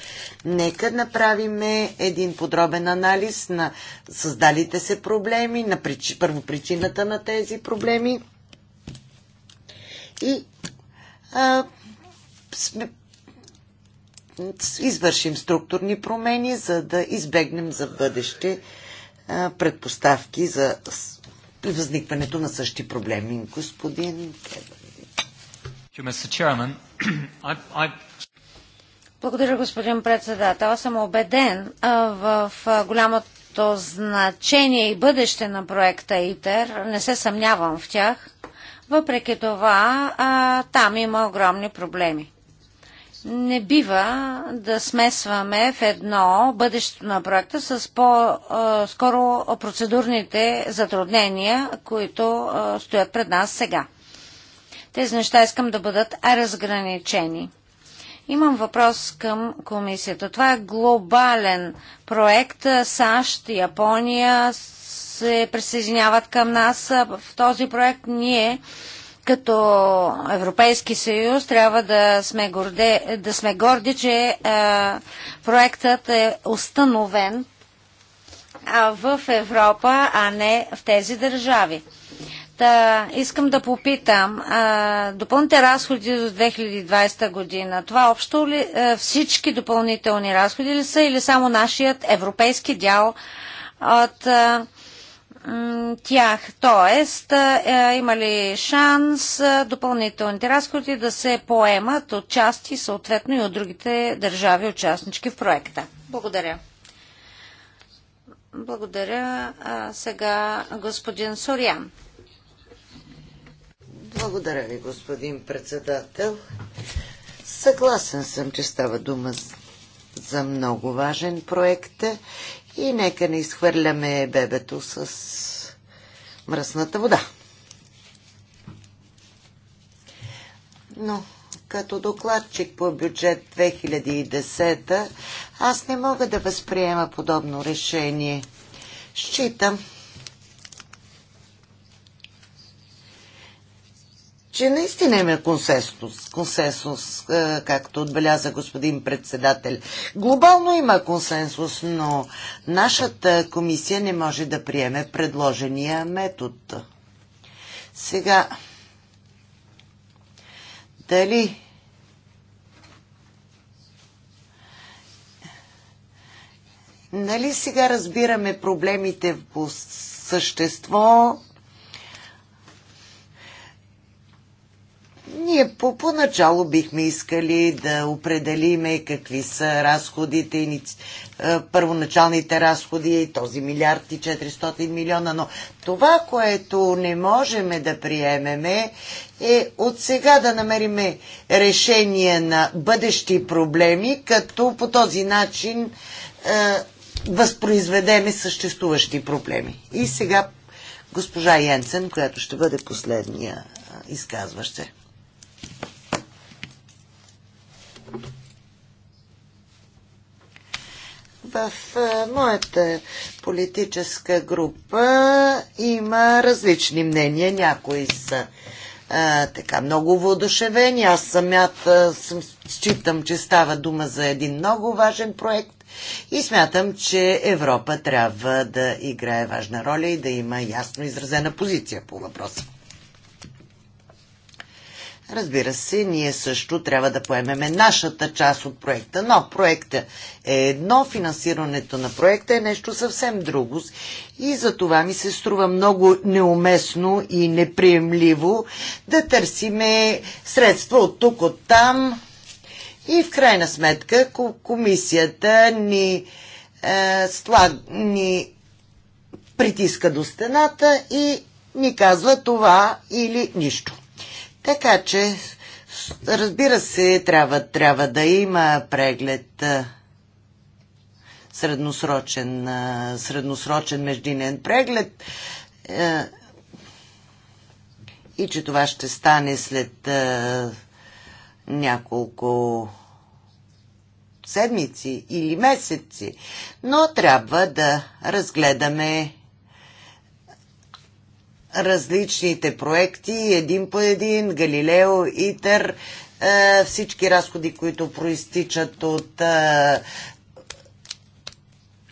нека направим един подробен анализ на създалите се проблеми, на прич... първопричината на тези проблеми и а, сме извършим структурни промени, за да избегнем за бъдеще а, предпоставки за при възникването на същи проблеми. Господин Благодаря, господин председател. Аз съм убеден в голямото значение и бъдеще на проекта ИТЕР. Не се съмнявам в тях. Въпреки това, там има огромни проблеми. Не бива да смесваме в едно бъдещето на проекта с по-скоро процедурните затруднения, които стоят пред нас сега. Тези неща искам да бъдат разграничени. Имам въпрос към комисията. Това е глобален проект. САЩ, Япония се присъединяват към нас в този проект. Ние като Европейски съюз трябва да сме, горде, да сме горди, че а, е, проектът е установен а, в Европа, а не в тези държави. Та, искам да попитам, допълните разходи до 2020 година, това общо ли а, е, всички допълнителни разходи ли са или само нашият европейски дял от а, е, тях. Тоест, е, е, има ли шанс е, допълнителните разходи да се поемат от части, съответно и от другите държави, участнички в проекта? Благодаря. Благодаря. А сега господин Сорян. Благодаря ви, господин председател. Съгласен съм, че става дума за много важен проект и нека не изхвърляме бебето с мръсната вода. Но като докладчик по бюджет 2010, аз не мога да възприема подобно решение. Считам, че наистина има консенсус, консенсус както отбеляза господин председател. Глобално има консенсус, но нашата комисия не може да приеме предложения метод. Сега, дали Нали сега разбираме проблемите по същество Ние по, поначало бихме искали да определиме какви са разходите, първоначалните разходи и този милиард и 400 милиона, но това, което не можем да приемеме е от сега да намериме решение на бъдещи проблеми, като по този начин е, възпроизведеме съществуващи проблеми. И сега госпожа Янсен, която ще бъде последния изказващ се. В моята политическа група има различни мнения. Някои са а, така много воодушевени. Аз самята съм, считам, че става дума за един много важен проект и смятам, че Европа трябва да играе важна роля и да има ясно изразена позиция по въпроса. Разбира се, ние също трябва да поемеме нашата част от проекта, но проекта е едно, финансирането на проекта е нещо съвсем друго. И за това ми се струва много неуместно и неприемливо да търсиме средства от тук, от там. И в крайна сметка комисията ни, е, слаг, ни притиска до стената и ни казва това или нищо. Така че, разбира се, трябва, трябва да има преглед средносрочен, средносрочен междинен преглед и че това ще стане след няколко седмици или месеци, но трябва да разгледаме различните проекти, един по един, Галилео, ИТЕР, е, всички разходи, които проистичат от е,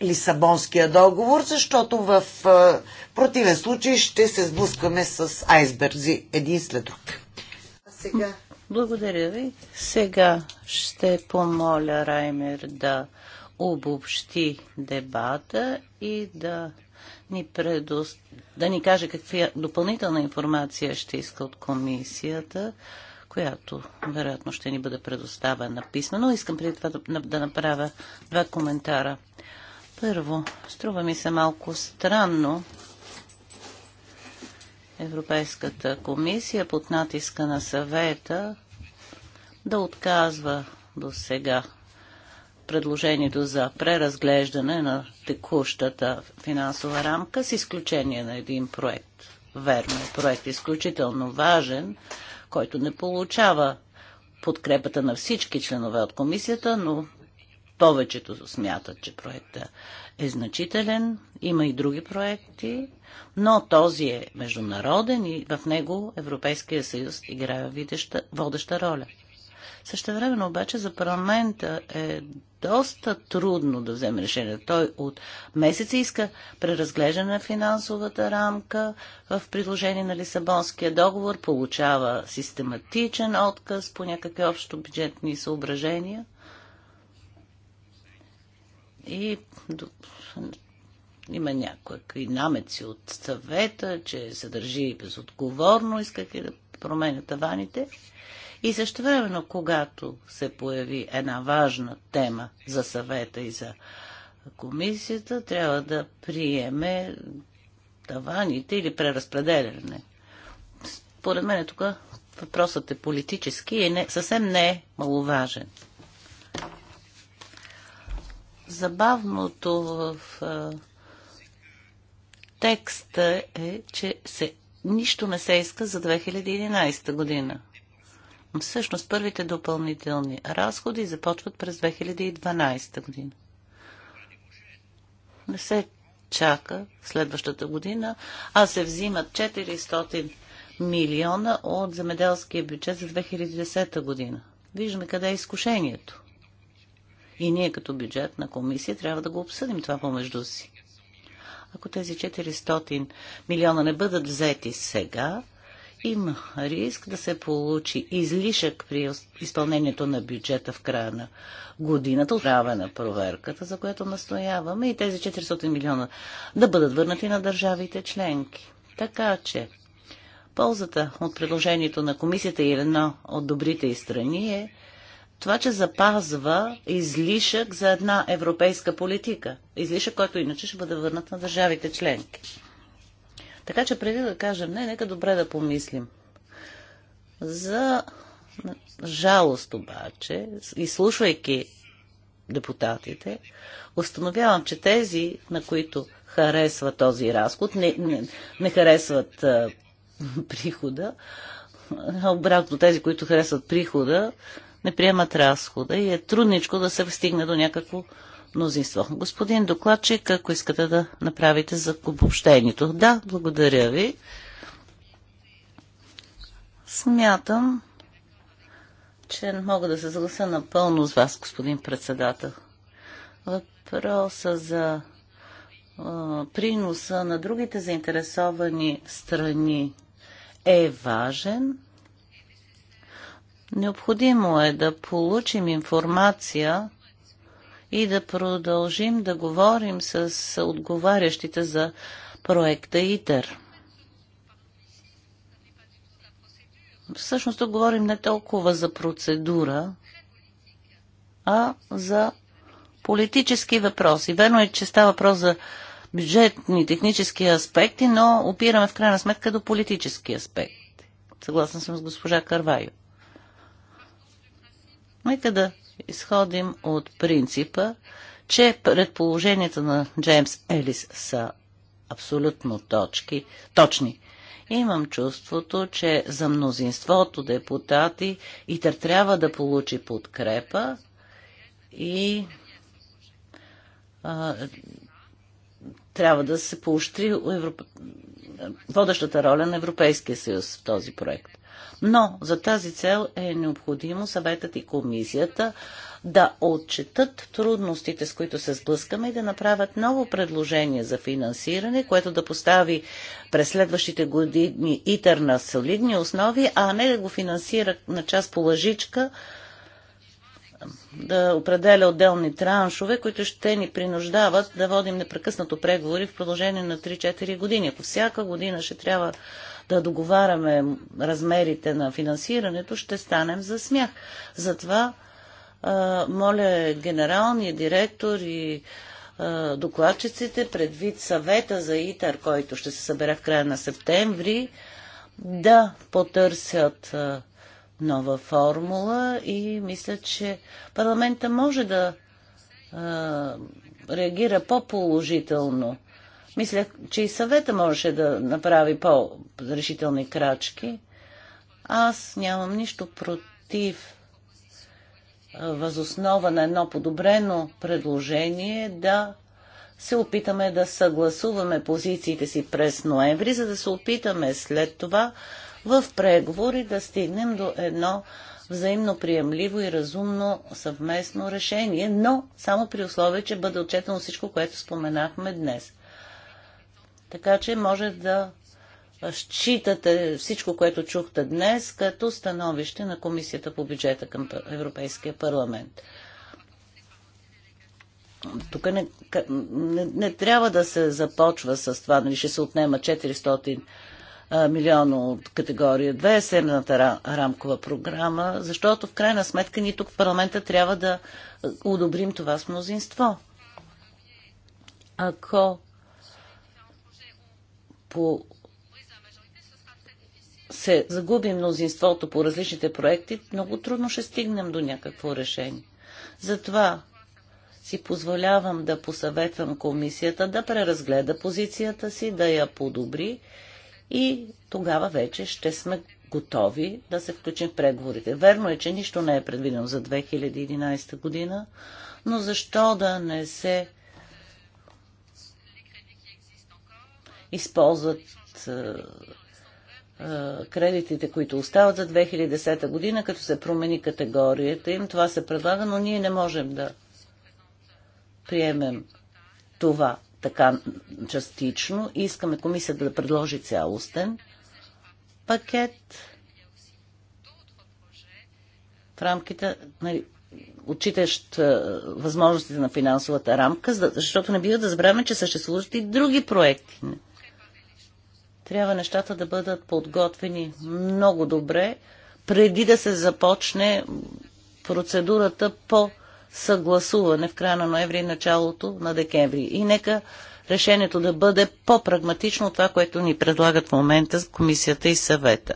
Лисабонския договор, защото в е, противен случай ще се сблъскваме с айсберзи един след друг. сега. Благодаря ви. Сега ще помоля Раймер да обобщи дебата и да ни предост... да ни каже какви допълнителна информация ще иска от комисията, която вероятно ще ни бъде предоставена писмено. Искам преди това да, да направя два коментара. Първо, струва ми се малко странно Европейската комисия под натиска на съвета да отказва до сега предложението за преразглеждане на текущата финансова рамка, с изключение на един проект. Верно, проект е изключително важен, който не получава подкрепата на всички членове от комисията, но повечето смятат, че проектът е значителен. Има и други проекти, но този е международен и в него Европейския съюз играе водеща роля. Същевременно обаче за парламента е доста трудно да вземе решение. Той от месеца иска преразглеждане на финансовата рамка в предложение на Лисабонския договор, получава систематичен отказ по някакви общо бюджетни съображения. И има някакви намеци от съвета, че се държи безотговорно, искаха да променя таваните. И също времено, когато се появи една важна тема за съвета и за комисията, трябва да приеме таваните или преразпределяне. Поред мен тук въпросът е политически и е не, съвсем не е маловажен. Забавното в текста е, че се, нищо не се иска за 2011 година. Всъщност първите допълнителни разходи започват през 2012 година. Не се чака следващата година, а се взимат 400 милиона от земеделския бюджет за 2010 година. Виждаме къде е изкушението. И ние като бюджет на комисия трябва да го обсъдим това помежду си. Ако тези 400 милиона не бъдат взети сега, има риск да се получи излишък при изпълнението на бюджета в края на годината, отправя на проверката, за която настояваме и тези 400 милиона да бъдат върнати на държавите членки. Така че ползата от предложението на комисията и едно от добрите и страни е това, че запазва излишък за една европейска политика. Излишък, който иначе ще бъде върнат на държавите членки. Така че преди да кажем не, нека добре да помислим. За жалост обаче, изслушвайки депутатите, установявам, че тези, на които харесва този разход, не, не, не харесват а, прихода, обратно тези, които харесват прихода, не приемат разхода и е трудничко да се стигне до някакво мнозинство. Господин докладчик, ако искате да направите за обобщението. Да, благодаря ви. Смятам, че мога да се съглася напълно с вас, господин председател. Въпроса за а, приноса на другите заинтересовани страни е важен. Необходимо е да получим информация и да продължим да говорим с отговарящите за проекта ИТЕР. Всъщност говорим не толкова за процедура, а за политически въпроси. Верно е, че става въпрос за бюджетни, технически аспекти, но опираме в крайна сметка до политически аспект. Съгласна съм с госпожа Карвайо. Нека да изходим от принципа, че предположенията на Джеймс Елис са абсолютно точки, точни. Имам чувството, че за мнозинството депутати ИТЕР трябва да получи подкрепа и а, трябва да се поощри европ... водещата роля на Европейския съюз в този проект. Но за тази цел е необходимо съветът и комисията да отчетат трудностите, с които се сблъскаме и да направят ново предложение за финансиране, което да постави през следващите години ИТЕР на солидни основи, а не да го финансира на част по лъжичка, да определя отделни траншове, които ще ни принуждават да водим непрекъснато преговори в продължение на 3-4 години. Ако всяка година ще трябва да договаряме размерите на финансирането, ще станем за смях. Затова а, моля генералния директор и а, докладчиците, предвид съвета за ИТАР, който ще се събере в края на септември, да потърсят а, нова формула и мисля, че парламента може да реагира по-положително мисля, че и съвета можеше да направи по-решителни крачки. Аз нямам нищо против възоснова на едно подобрено предложение да се опитаме да съгласуваме позициите си през ноември, за да се опитаме след това в преговори да стигнем до едно взаимно приемливо и разумно съвместно решение, но само при условие, че бъде отчетено всичко, което споменахме днес. Така че може да считате всичко, което чухте днес, като становище на Комисията по бюджета към Европейския парламент. Тук не, не, не трябва да се започва с това, нали ще се отнема 400 милиона от категория 2, седната рамкова програма, защото в крайна сметка ние тук в парламента трябва да одобрим това с мнозинство. Ако по се загуби мнозинството по различните проекти, много трудно ще стигнем до някакво решение. Затова си позволявам да посъветвам комисията да преразгледа позицията си, да я подобри и тогава вече ще сме готови да се включим в преговорите. Верно е, че нищо не е предвидено за 2011 година, но защо да не се използват кредитите, които остават за 2010 година, като се промени категорията им. Това се предлага, но ние не можем да приемем това така частично. Искаме комисията да предложи цялостен пакет в рамките, нали, отчитащ възможностите на финансовата рамка, защото не бива да забравяме, че съществуват и други проекти трябва нещата да бъдат подготвени много добре, преди да се започне процедурата по съгласуване в края на ноември и началото на декември. И нека решението да бъде по-прагматично от това, което ни предлагат в момента комисията и съвета.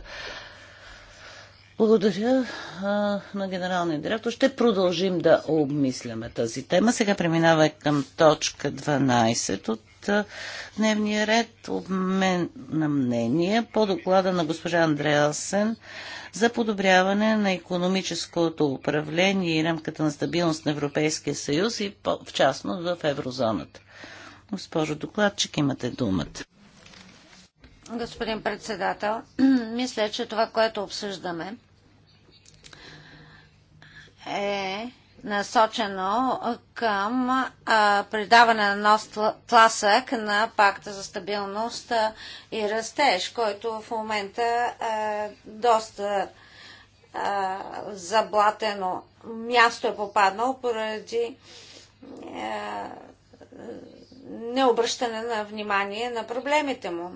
Благодаря а, на генералния директор. Ще продължим да обмисляме тази тема. Сега преминава към точка 12 от дневния ред обмен на мнение по доклада на госпожа Андреасен за подобряване на економическото управление и рамката на стабилност на Европейския съюз и в частност в еврозоната. Госпожо докладчик, имате думата. Господин председател, мисля, че това, което обсъждаме е насочено към предаване на нов тласък на пакта за стабилност и растеж, който в момента е доста заблатено място е попаднало поради необръщане на внимание на проблемите му.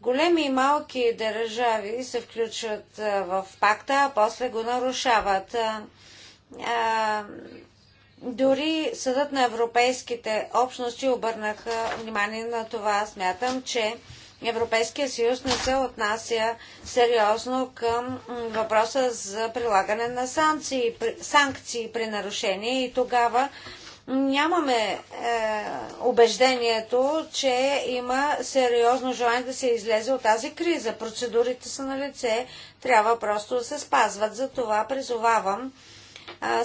Големи и малки държави се включват в пакта, а после го нарушават а, дори съдът на европейските общности обърнаха внимание на това. Смятам, че Европейския съюз не се отнася сериозно към въпроса за прилагане на санкции, санкции при нарушение и тогава нямаме е, убеждението, че има сериозно желание да се излезе от тази криза. Процедурите са на лице, трябва просто да се спазват. Затова призовавам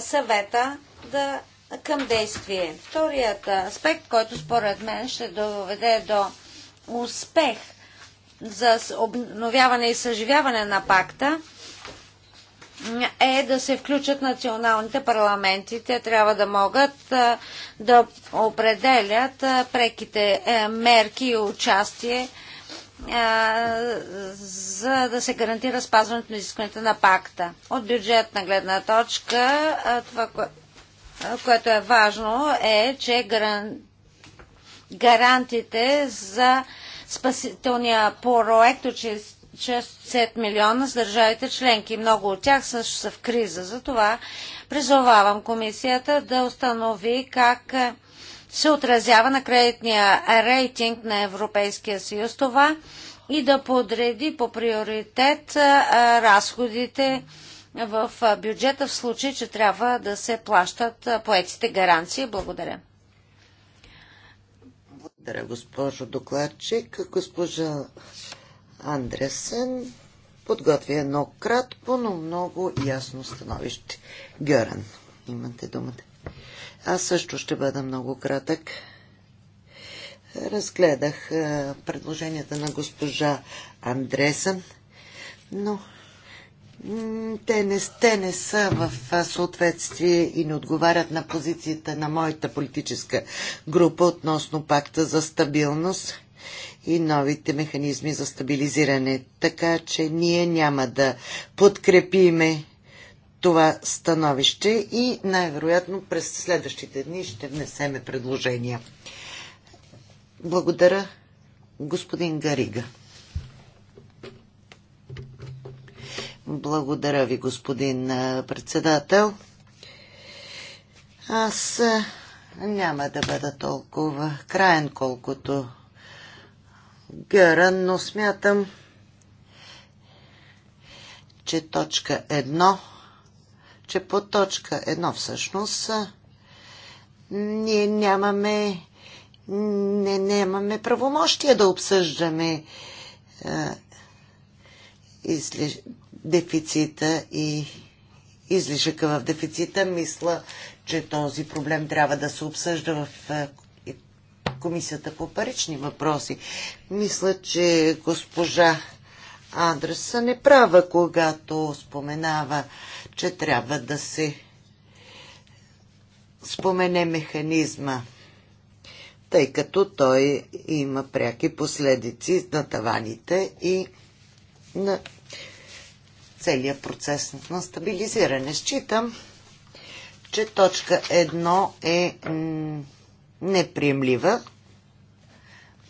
съвета да, към действие. Вторият аспект, който според мен ще доведе до успех за обновяване и съживяване на пакта, е да се включат националните парламенти. Те трябва да могат да определят преките е, мерки и участие за да се гарантира спазването на изискването на пакта. От бюджетна гледна точка, това, което е важно, е, че гарантите за спасителния проект от 60 милиона с държавите членки. Много от тях също са в криза. Затова призовавам комисията да установи как се отразява на кредитния рейтинг на Европейския съюз това и да подреди по приоритет разходите в бюджета в случай, че трябва да се плащат поетите гаранции. Благодаря. Благодаря, госпожо докладчик. Госпожа Андресен подготви едно кратко, но много ясно становище. Гъран, имате думата. Аз също ще бъда много кратък. Разгледах е, предложенията на госпожа Андресън, но те не, те не са в съответствие и не отговарят на позицията на моята политическа група относно пакта за стабилност и новите механизми за стабилизиране. Така че ние няма да подкрепиме това становище и най-вероятно през следващите дни ще внесеме предложения. Благодаря, господин Гарига. Благодаря ви, господин председател. Аз няма да бъда толкова краен, колкото гъра, но смятам, че точка едно – че по точка едно всъщност ние нямаме, не, нямаме правомощия да обсъждаме изли, дефицита и излишъка в дефицита. Мисля, че този проблем трябва да се обсъжда в Комисията по парични въпроси. Мисля, че госпожа Андресън е права, когато споменава че трябва да се спомене механизма, тъй като той има пряки последици на таваните и на целият процес на стабилизиране. Считам, че точка 1 е неприемлива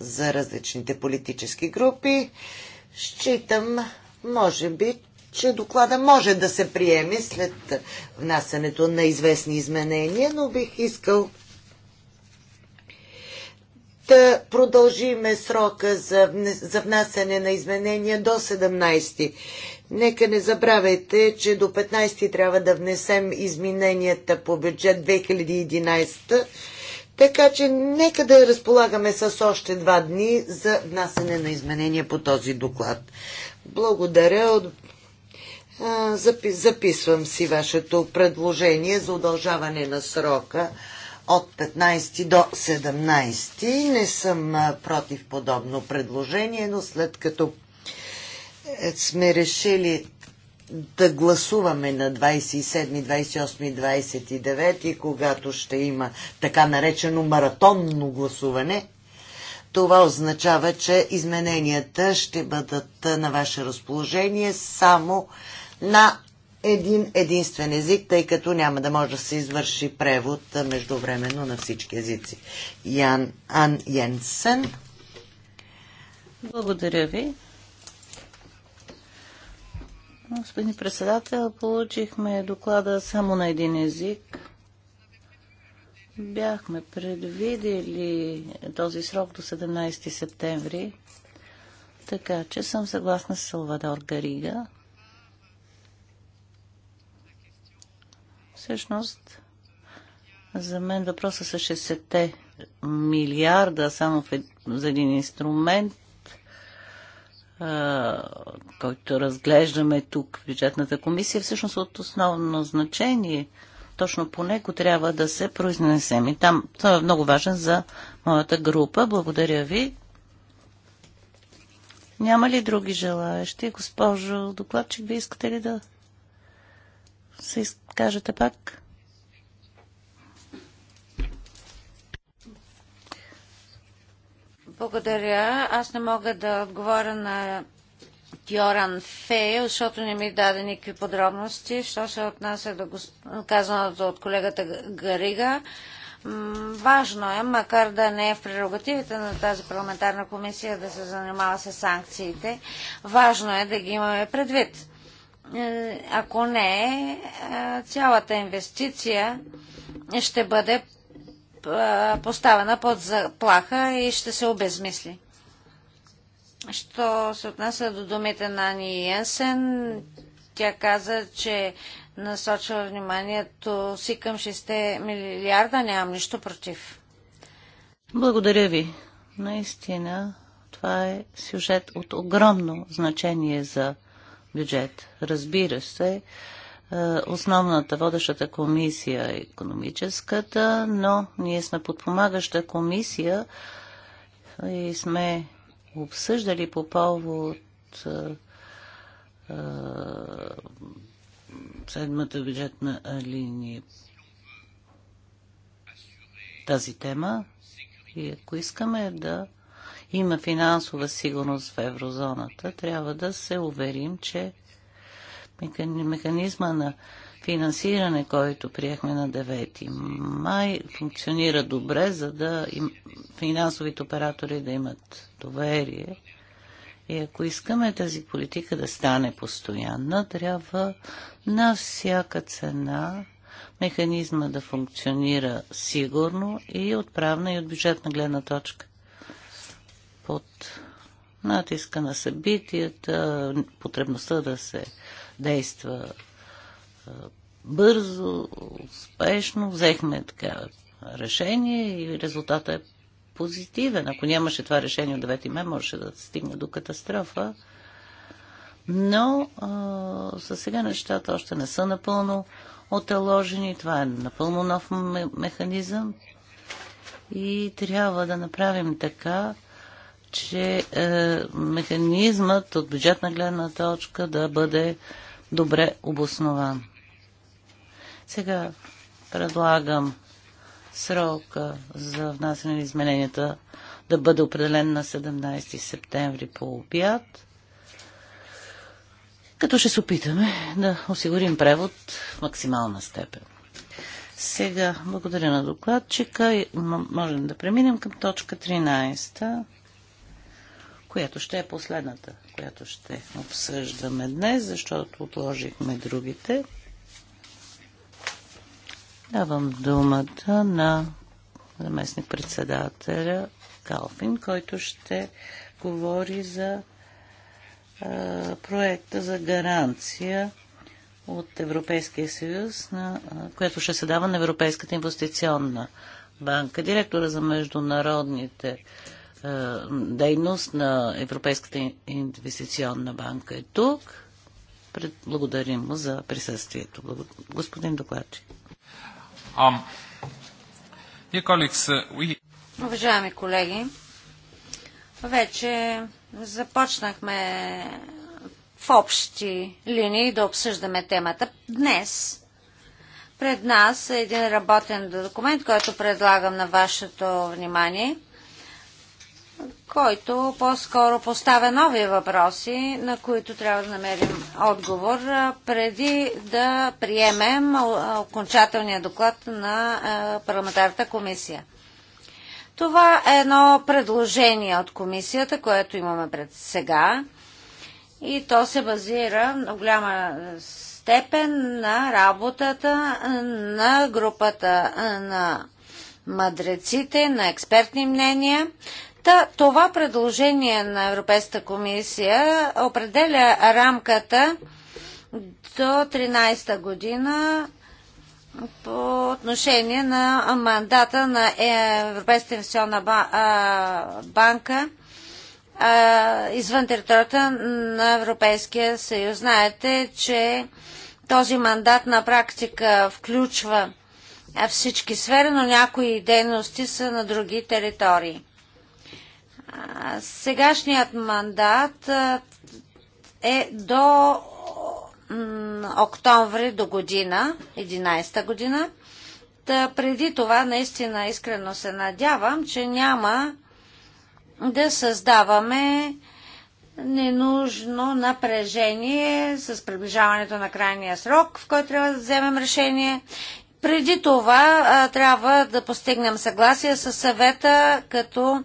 за различните политически групи. Считам, може би, че доклада може да се приеме след внасянето на известни изменения, но бих искал да продължиме срока за, внасяне на изменения до 17. Нека не забравяйте, че до 15 трябва да внесем измененията по бюджет 2011, така че нека да разполагаме с още два дни за внасяне на изменения по този доклад. Благодаря от Записвам си вашето предложение за удължаване на срока от 15 до 17. Не съм против подобно предложение, но след като е, сме решили да гласуваме на 27, 28, 29, когато ще има така наречено маратонно гласуване, това означава, че измененията ще бъдат на ваше разположение само на един единствен език, тъй като няма да може да се извърши превод междувременно на всички езици. Ян Ан Йенсен. Благодаря ви. Господин председател, получихме доклада само на един език. Бяхме предвидели този срок до 17 септември, така че съм съгласна с Салвадор Гарига. Всъщност, за мен въпроса с 60 милиарда само за един инструмент, който разглеждаме тук в бюджетната комисия, е всъщност от основно значение. Точно по него трябва да се произнесем. И там това е много важен за моята група. Благодаря ви. Няма ли други желаящи? Госпожо докладчик, ви искате ли да се изкажете пак? Благодаря. Аз не мога да отговоря на Тьоран Фей, защото не ми даде никакви подробности. Що се отнася до казаното от колегата Гарига, важно е, макар да не е в прерогативите на тази парламентарна комисия да се занимава с санкциите, важно е да ги имаме предвид. Е, ако не, е, цялата инвестиция ще бъде е, поставена под заплаха и ще се обезмисли. Що се отнася до думите на Ани Йенсен, тя каза, че насочва вниманието си към 6 милиарда. Нямам нищо против. Благодаря ви. Наистина, това е сюжет от огромно значение за бюджет. Разбира се, е, основната водещата комисия е економическата, но ние сме подпомагаща комисия и сме обсъждали по повод е, е, седмата бюджетна линия тази тема и ако искаме да има финансова сигурност в еврозоната, трябва да се уверим, че механизма на финансиране, който приехме на 9 май, функционира добре, за да им, финансовите оператори да имат доверие. И ако искаме тази политика да стане постоянна, трябва на всяка цена механизма да функционира сигурно и от правна и от бюджетна гледна точка под натиска на събитията, потребността да се действа бързо, успешно, взехме така решение и резултата е позитивен. Ако нямаше това решение от 9 мая, можеше да стигне до катастрофа. Но за сега нещата още не са напълно оталожени. Това е напълно нов механизъм. И трябва да направим така, че е, механизмът от бюджетна гледна точка да бъде добре обоснован. Сега предлагам срока за внасяне на измененията да бъде определен на 17 септември по обяд, като ще се опитаме да осигурим превод в максимална степен. Сега, благодаря на докладчика. Можем да преминем към точка 13 която ще е последната, която ще обсъждаме днес, защото отложихме другите. Давам думата на заместник председателя Калфин, който ще говори за а, проекта за гаранция от Европейския съюз, на, а, което ще се дава на Европейската инвестиционна банка. Директора за международните е, дейност на Европейската инвестиционна банка е тук. Благодарим му за присъствието. Господин докладчи. Uh, Уважаеми колеги, вече започнахме в общи линии да обсъждаме темата. Днес пред нас е един работен документ, който предлагам на вашето внимание – който по-скоро поставя нови въпроси, на които трябва да намерим отговор, преди да приемем окончателния доклад на парламентарната комисия. Това е едно предложение от комисията, което имаме пред сега и то се базира в голяма степен на работата на групата на мъдреците, на експертни мнения, Та, това предложение на Европейската комисия определя рамката до 13-та година по отношение на мандата на е, Европейската инвестиционна банка извън територията на Европейския съюз. Знаете, че този мандат на практика включва всички сфери, но някои дейности са на други територии. Сегашният мандат е до октомври до година, 11-та година. Та преди това наистина искрено се надявам, че няма да създаваме ненужно напрежение с приближаването на крайния срок, в който трябва да вземем решение. Преди това трябва да постигнем съгласие с съвета, като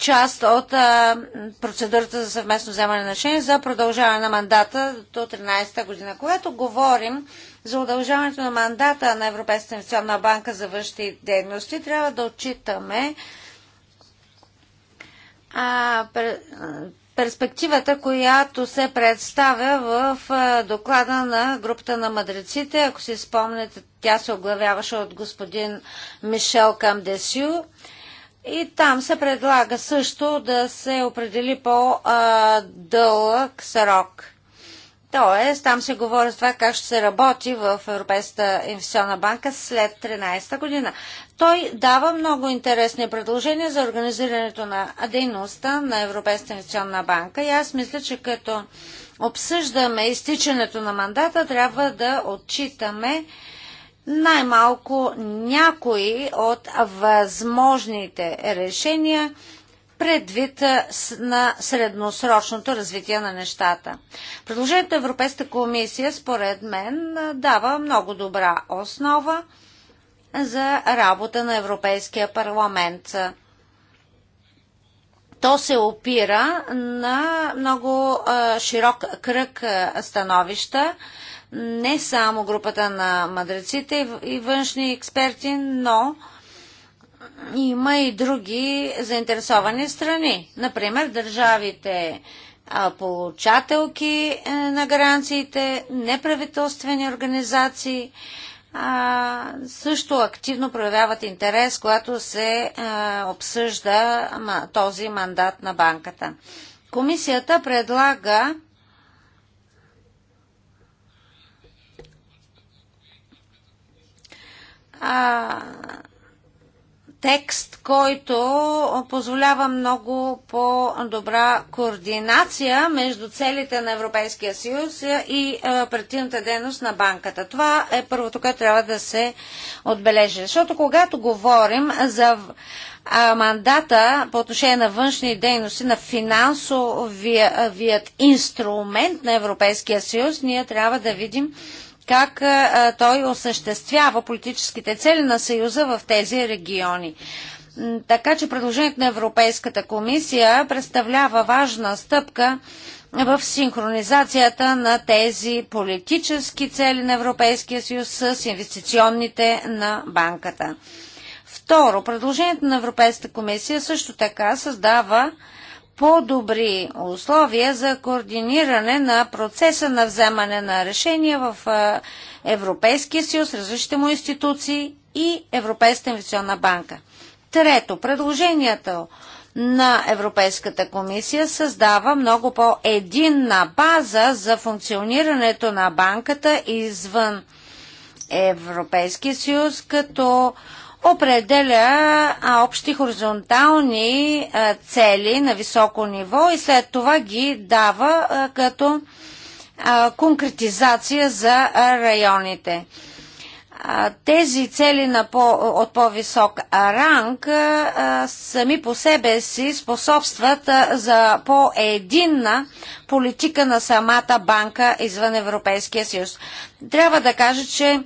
част от а, процедурата за съвместно вземане на решение за продължаване на мандата до 13-та година. Когато говорим за удължаването на мандата на Европейската инвестиционна банка за външни дейности, трябва да отчитаме а, пер, перспективата, която се представя в а, доклада на групата на мадреците. Ако си спомняте, тя се оглавяваше от господин Мишел Камдесю. И там се предлага също да се определи по-дълъг срок. Тоест, там се говори за това как ще се работи в Европейската инвестиционна банка след 13-та година. Той дава много интересни предложения за организирането на дейността на Европейската инвестиционна банка и аз мисля, че като обсъждаме изтичането на мандата, трябва да отчитаме най-малко някои от възможните решения предвид на средносрочното развитие на нещата. Предложението Европейската комисия, според мен, дава много добра основа за работа на Европейския парламент. То се опира на много широк кръг становища, не само групата на мъдреците и външни експерти, но има и други заинтересовани страни. Например, държавите получателки е, на гаранциите, неправителствени организации също активно проявяват интерес, когато се е, обсъжда този мандат на банката. Комисията предлага а, текст, който позволява много по-добра координация между целите на Европейския съюз и оперативната дейност на банката. Това е първото, което трябва да се отбележи. Защото когато говорим за мандата по отношение на външни дейности, на финансовият инструмент на Европейския съюз, ние трябва да видим как той осъществява политическите цели на Съюза в тези региони. Така че предложението на Европейската комисия представлява важна стъпка в синхронизацията на тези политически цели на Европейския съюз с инвестиционните на банката. Второ, предложението на Европейската комисия също така създава по-добри условия за координиране на процеса на вземане на решения в Европейския съюз, различните му институции и Европейската инвестиционна банка. Трето, предложението на Европейската комисия създава много по-единна база за функционирането на банката извън Европейския съюз, като определя общи хоризонтални цели на високо ниво и след това ги дава като конкретизация за районите. Тези цели на по, от по-висок ранг сами по себе си способстват за по-единна политика на самата банка извън Европейския съюз. Трябва да кажа, че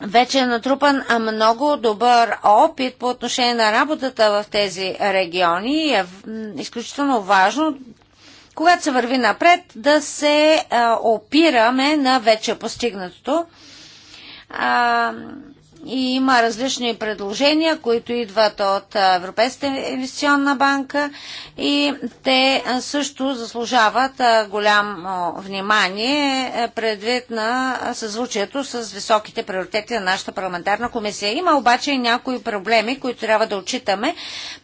вече е натрупан много добър опит по отношение на работата в тези региони и е изключително важно, когато се върви напред, да се опираме на вече постигнатото. И има различни предложения, които идват от Европейската инвестиционна банка и те също заслужават голямо внимание е, предвид на съзвучието с високите приоритети на нашата парламентарна комисия. Има обаче и някои проблеми, които трябва да отчитаме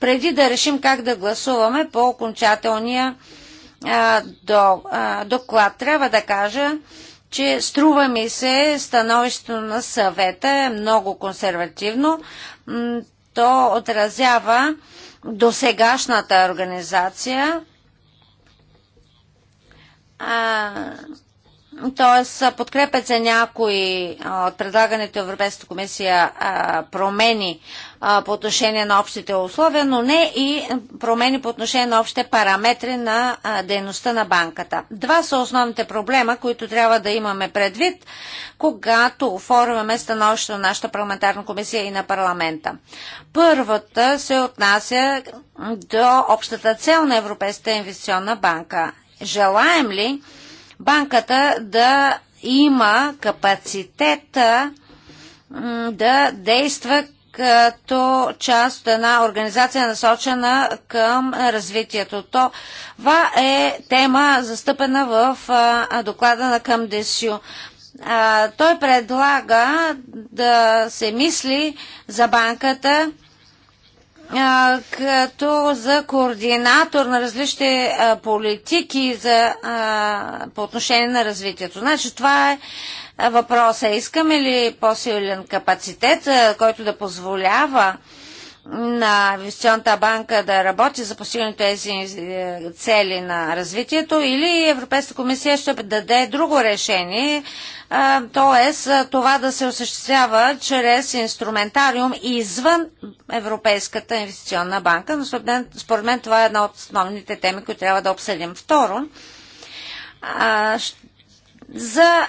преди да решим как да гласуваме по окончателния доклад. Трябва да кажа, че струва ми се становището на съвета е много консервативно. То отразява досегашната организация. Т.е. подкрепят се някои от предлагането Европейската комисия промени а, по отношение на общите условия, но не и промени по отношение на общите параметри на а, дейността на банката. Два са основните проблема, които трябва да имаме предвид, когато оформяме становището на нашата парламентарна комисия и на парламента. Първата се отнася до общата цел на Европейската инвестиционна банка. Желаем ли банката да има капацитета да действа като част от една организация насочена към развитието. Това е тема застъпена в доклада на Къмдесю. Той предлага да се мисли за банката като за координатор на различни политики за, по отношение на развитието. Значи това е Въпросът е, искаме ли по-силен капацитет, който да позволява на инвестиционната банка да работи за постигане тези е, цели на развитието или Европейската комисия ще даде друго решение, т.е. това да се осъществява чрез инструментариум извън Европейската инвестиционна банка, но според мен това е една от основните теми, които трябва да обсъдим. Второ, за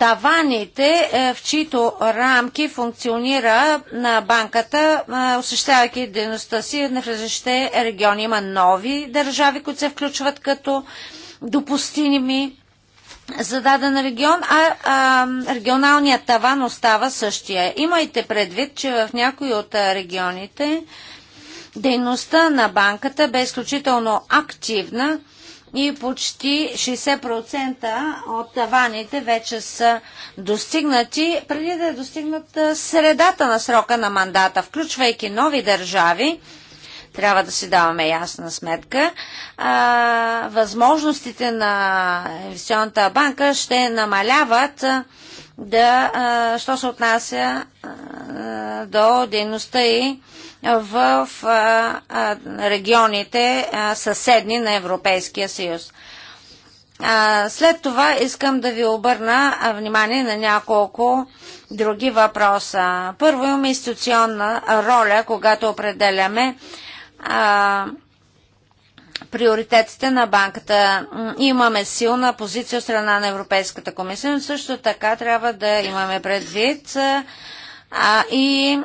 таваните, е, в чието рамки функционира на банката, осъществявайки дейността си на различните региони. Има нови държави, които се включват като допустими за даден регион, а, а регионалният таван остава същия. Имайте предвид, че в някои от регионите дейността на банката бе изключително активна и почти 60% от таваните вече са достигнати, преди да е достигнат средата на срока на мандата, включвайки нови държави. Трябва да си даваме ясна сметка. А, възможностите на инвестиционната банка ще намаляват да, а, що се отнася а, до дейността и в а, регионите съседни на Европейския съюз. След това искам да ви обърна внимание на няколко други въпроса. Първо имаме институционна роля, когато определяме приоритетите на банката. Имаме силна позиция от страна на Европейската комисия, но също така трябва да имаме предвид а, и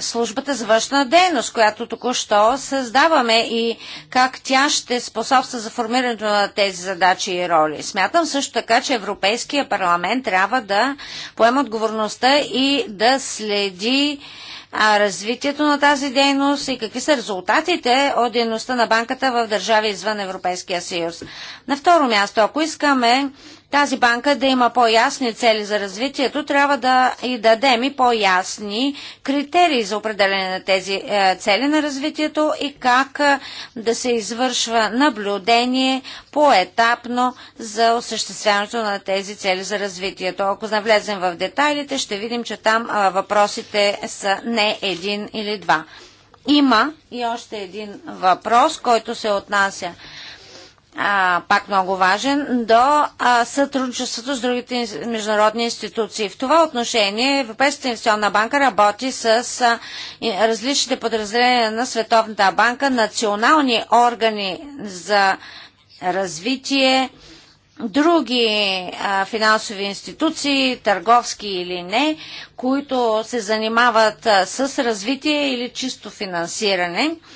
службата за външна дейност, която току-що създаваме и как тя ще способства за формирането на тези задачи и роли. Смятам също така, че Европейския парламент трябва да поема отговорността и да следи а, развитието на тази дейност и какви са резултатите от дейността на банката в държави извън Европейския съюз. На второ място, ако искаме тази банка да има по-ясни цели за развитието, трябва да и дадем и по-ясни критерии за определение на тези е, цели на развитието и как е, да се извършва наблюдение по-етапно за осъществяването на тези цели за развитието. Ако навлезем в детайлите, ще видим, че там е, въпросите са не един или два. Има и още един въпрос, който се отнася а, пак много важен, до а, сътрудничеството с другите международни институции. В това отношение Европейската инвестиционна банка работи с а, различните подразделения на Световната банка, национални органи за развитие, други а, финансови институции, търговски или не, които се занимават а, с развитие или чисто финансиране. А,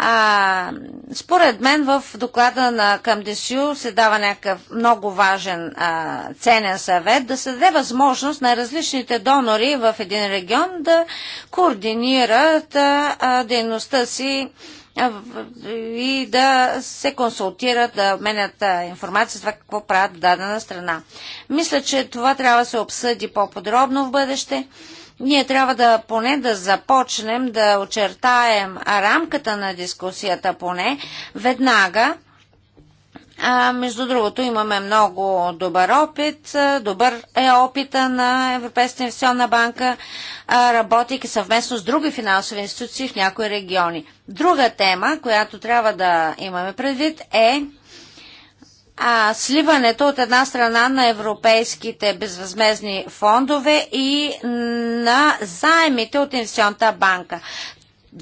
а, според мен в доклада на Камдесю се дава някакъв много важен а, ценен съвет да се даде възможност на различните донори в един регион да координират а, а, дейността си и да се консултират, да обменят информация за това какво правят в дадена страна. Мисля, че това трябва да се обсъди по-подробно в бъдеще. Ние трябва да поне да започнем да очертаем рамката на дискусията поне веднага. А, между другото, имаме много добър опит. Добър е опита на Европейската инвестиционна банка, работейки съвместно с други финансови институции в някои региони. Друга тема, която трябва да имаме предвид е а, сливането от една страна на европейските безвъзмезни фондове и на заемите от инвестиционната банка.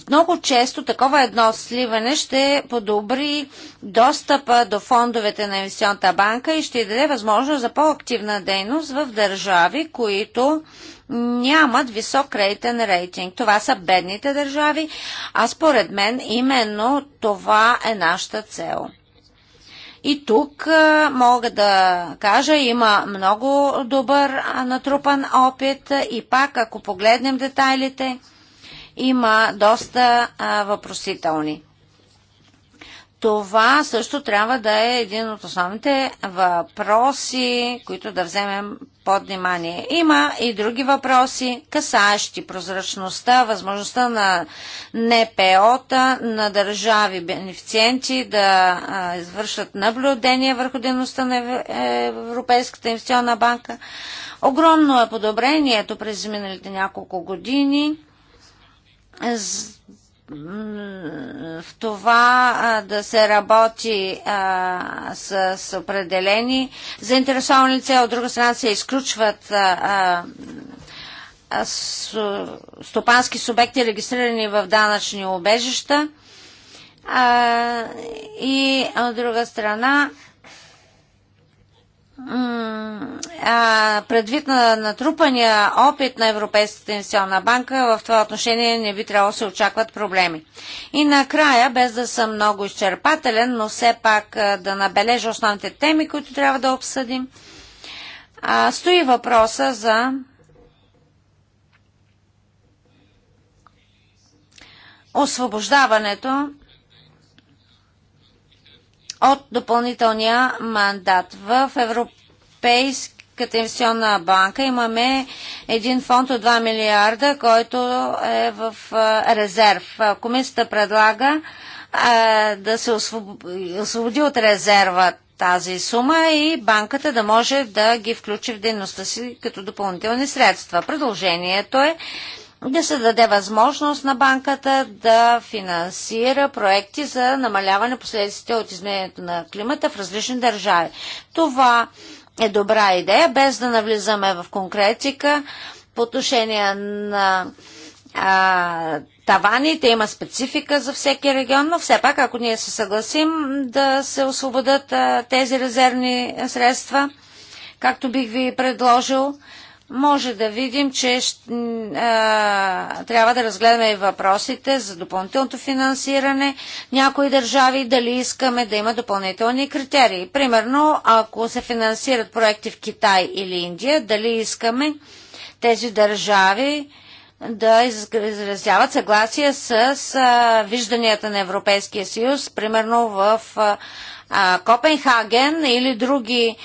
Много често такова едно сливане ще подобри достъпа до фондовете на инвестиционната банка и ще даде възможност за по-активна дейност в държави, които нямат висок кредитен рейтинг. Това са бедните държави, а според мен именно това е нашата цел. И тук мога да кажа, има много добър натрупан опит и пак, ако погледнем детайлите, има доста въпросителни. Това също трябва да е един от основните въпроси, които да вземем под внимание. Има и други въпроси, касаещи прозрачността, възможността на НПО-та, на държави бенефициенти да извършат наблюдение върху дейността на е, Европейската инвестиционна банка. Огромно е подобрението през миналите няколко години в това да се работи а, с, с определени заинтересовани лица, от друга страна се изключват а, с, стопански субекти, регистрирани в данъчни обежища и от друга страна предвид на натрупания опит на Европейската инвестиционна банка, в това отношение не би трябвало да се очакват проблеми. И накрая, без да съм много изчерпателен, но все пак да набележа основните теми, които трябва да обсъдим, стои въпроса за освобождаването от допълнителния мандат. В Европейската инвестиционна банка имаме един фонд от 2 милиарда, който е в резерв. Комисията предлага да се освободи от резерва тази сума и банката да може да ги включи в дейността си като допълнителни средства. Продължението е да се даде възможност на банката да финансира проекти за намаляване последиците от изменението на климата в различни държави. Това е добра идея, без да навлизаме в конкретика по отношение на а, таваните, има специфика за всеки регион, но все пак, ако ние се съгласим да се освободят а, тези резервни средства, както бих ви предложил, може да видим, че а, трябва да разгледаме и въпросите за допълнителното финансиране. Някои държави дали искаме да има допълнителни критерии. Примерно, ако се финансират проекти в Китай или Индия, дали искаме тези държави да изразяват съгласие с вижданията на Европейския съюз, примерно в Копенхаген или други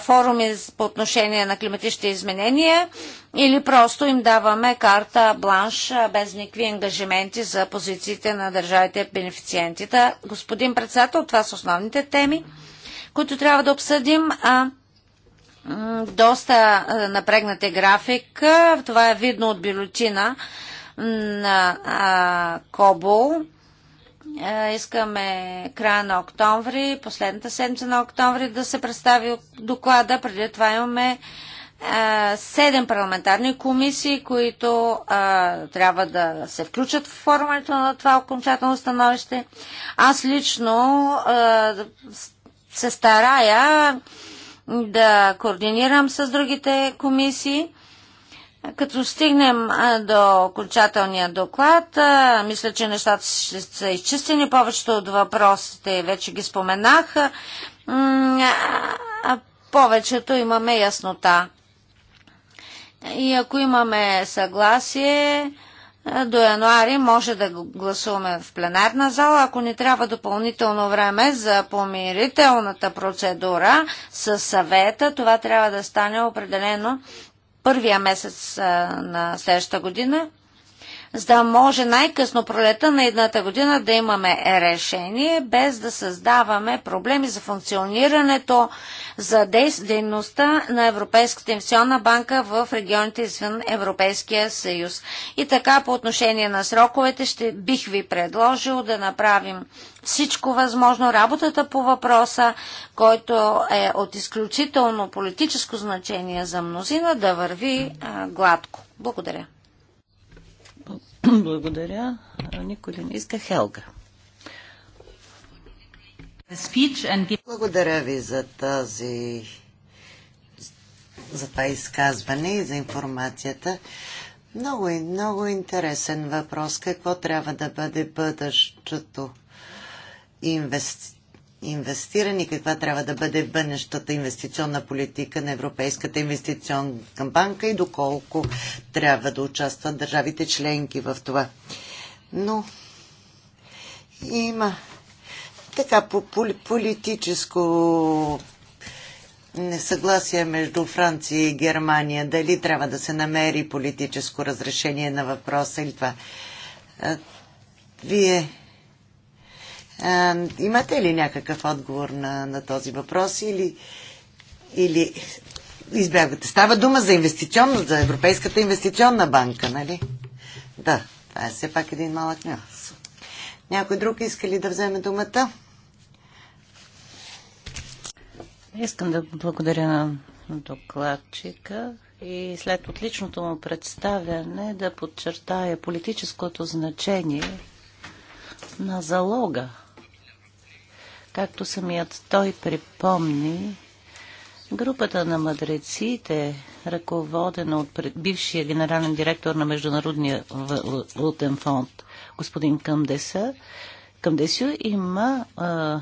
форуми по отношение на климатичните изменения, или просто им даваме карта бланш без никакви ангажименти за позициите на държавите бенефициентите. Господин председател, това са основните теми, които трябва да обсъдим. А доста напрегнат е график. Това е видно от бюлетина на КОБО. искаме края на октомври, последната седмица на октомври да се представи доклада. Преди това имаме седем парламентарни комисии, които а, трябва да се включат в формането на това окончателно становище. Аз лично а, се старая да координирам с другите комисии. Като стигнем до окончателния доклад, мисля, че нещата ще са изчистени. Повечето от въпросите вече ги споменах. Повечето имаме яснота. И ако имаме съгласие, до януари може да гласуваме в пленарна зала. Ако ни трябва допълнително време за помирителната процедура с съвета, това трябва да стане определено първия месец на следващата година за да може най-късно пролета на едната година да имаме решение, без да създаваме проблеми за функционирането, за дейността на Европейската инвестиционна банка в регионите извън Европейския съюз. И така по отношение на сроковете ще бих ви предложил да направим всичко възможно. Работата по въпроса, който е от изключително политическо значение за мнозина, да върви а, гладко. Благодаря. Благодаря. Никой ли не иска? Хелга. Благодаря ви за тази за това изказване и за информацията. Много и много интересен въпрос. Какво трябва да бъде бъдещето инвестиция? инвестирани, каква трябва да бъде бъдещата инвестиционна политика на Европейската инвестиционна банка и доколко трябва да участват държавите членки в това. Но има така по политическо несъгласие между Франция и Германия. Дали трябва да се намери политическо разрешение на въпроса или това. Вие имате ли някакъв отговор на, на този въпрос или, или избягвате? Става дума за инвестиционно, за Европейската инвестиционна банка, нали? Да, това е все пак един малък нюанс. Някой друг иска ли да вземе думата? Искам да благодаря на докладчика и след отличното му представяне да подчертая политическото значение на залога, Както самият той припомни, групата на мъдреците, ръководена от бившия генерален директор на Международния валутен фонд, господин Къмдеса, Къмдесю има а,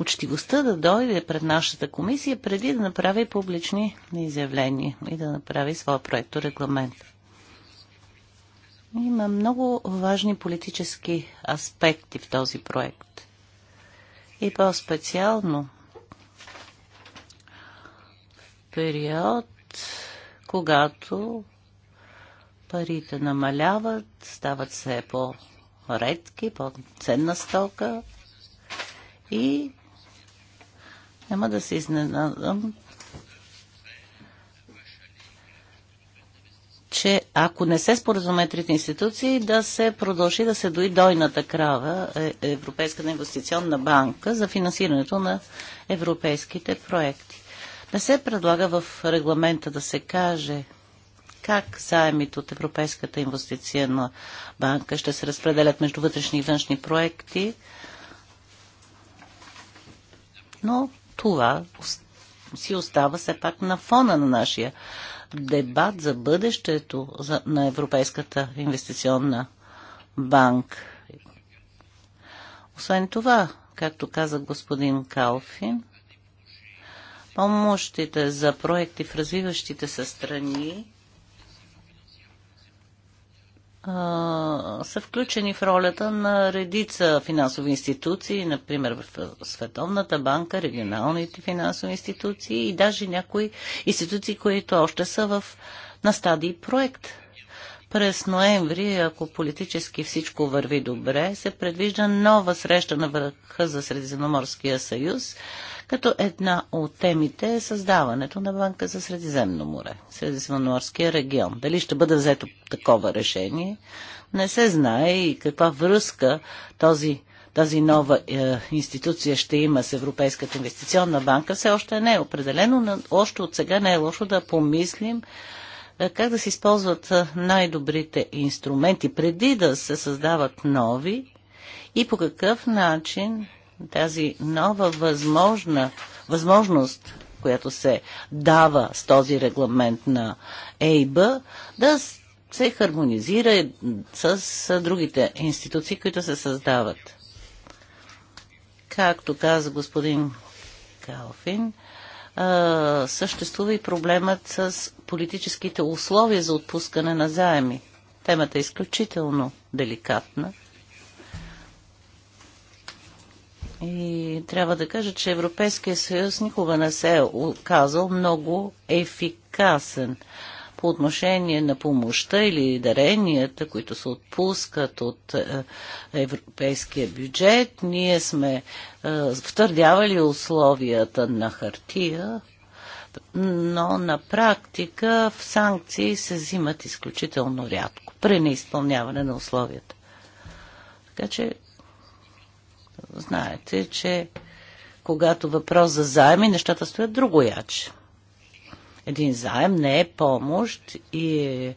учтивостта да дойде пред нашата комисия преди да направи публични изявления и да направи своя проекто регламент. Има много важни политически аспекти в този проект. И по-специално в период, когато парите намаляват, стават все по-редки, по-ценна стока и няма да се изненадам, че ако не се споразумеят трите институции, да се продължи да се дои дойната крава е, Европейската инвестиционна банка за финансирането на европейските проекти. Не се предлага в регламента да се каже как заемите от Европейската инвестиционна банка ще се разпределят между вътрешни и външни проекти, но това си остава все пак на фона на нашия дебат за бъдещето на Европейската инвестиционна банка. Освен това, както каза господин Калфин, помощите за проекти в развиващите се страни са включени в ролята на редица финансови институции, например в Световната банка, регионалните финансови институции и даже някои институции, които още са в, на стадии проект. През ноември, ако политически всичко върви добре, се предвижда нова среща на върха за Средиземноморския съюз като една от темите е създаването на банка за Средиземно море, Средиземноморския регион. Дали ще бъде взето такова решение, не се знае и каква връзка този тази нова е, институция ще има с Европейската инвестиционна банка, все още не е определено, но още от сега не е лошо да помислим е, как да се използват е, най-добрите инструменти преди да се създават нови и по какъв начин тази нова възможна, възможност, която се дава с този регламент на ЕИБ, да се хармонизира с другите институции, които се създават. Както каза господин Калфин, съществува и проблемът с политическите условия за отпускане на заеми. Темата е изключително деликатна. И трябва да кажа, че Европейския съюз никога не се е оказал много ефикасен по отношение на помощта или даренията, които се отпускат от е, европейския бюджет. Ние сме е, втърдявали условията на хартия, но на практика в санкции се взимат изключително рядко при неизпълняване на условията. Така че Знаете, че когато въпрос за заеми, нещата стоят друго яче. Един заем не е помощ и е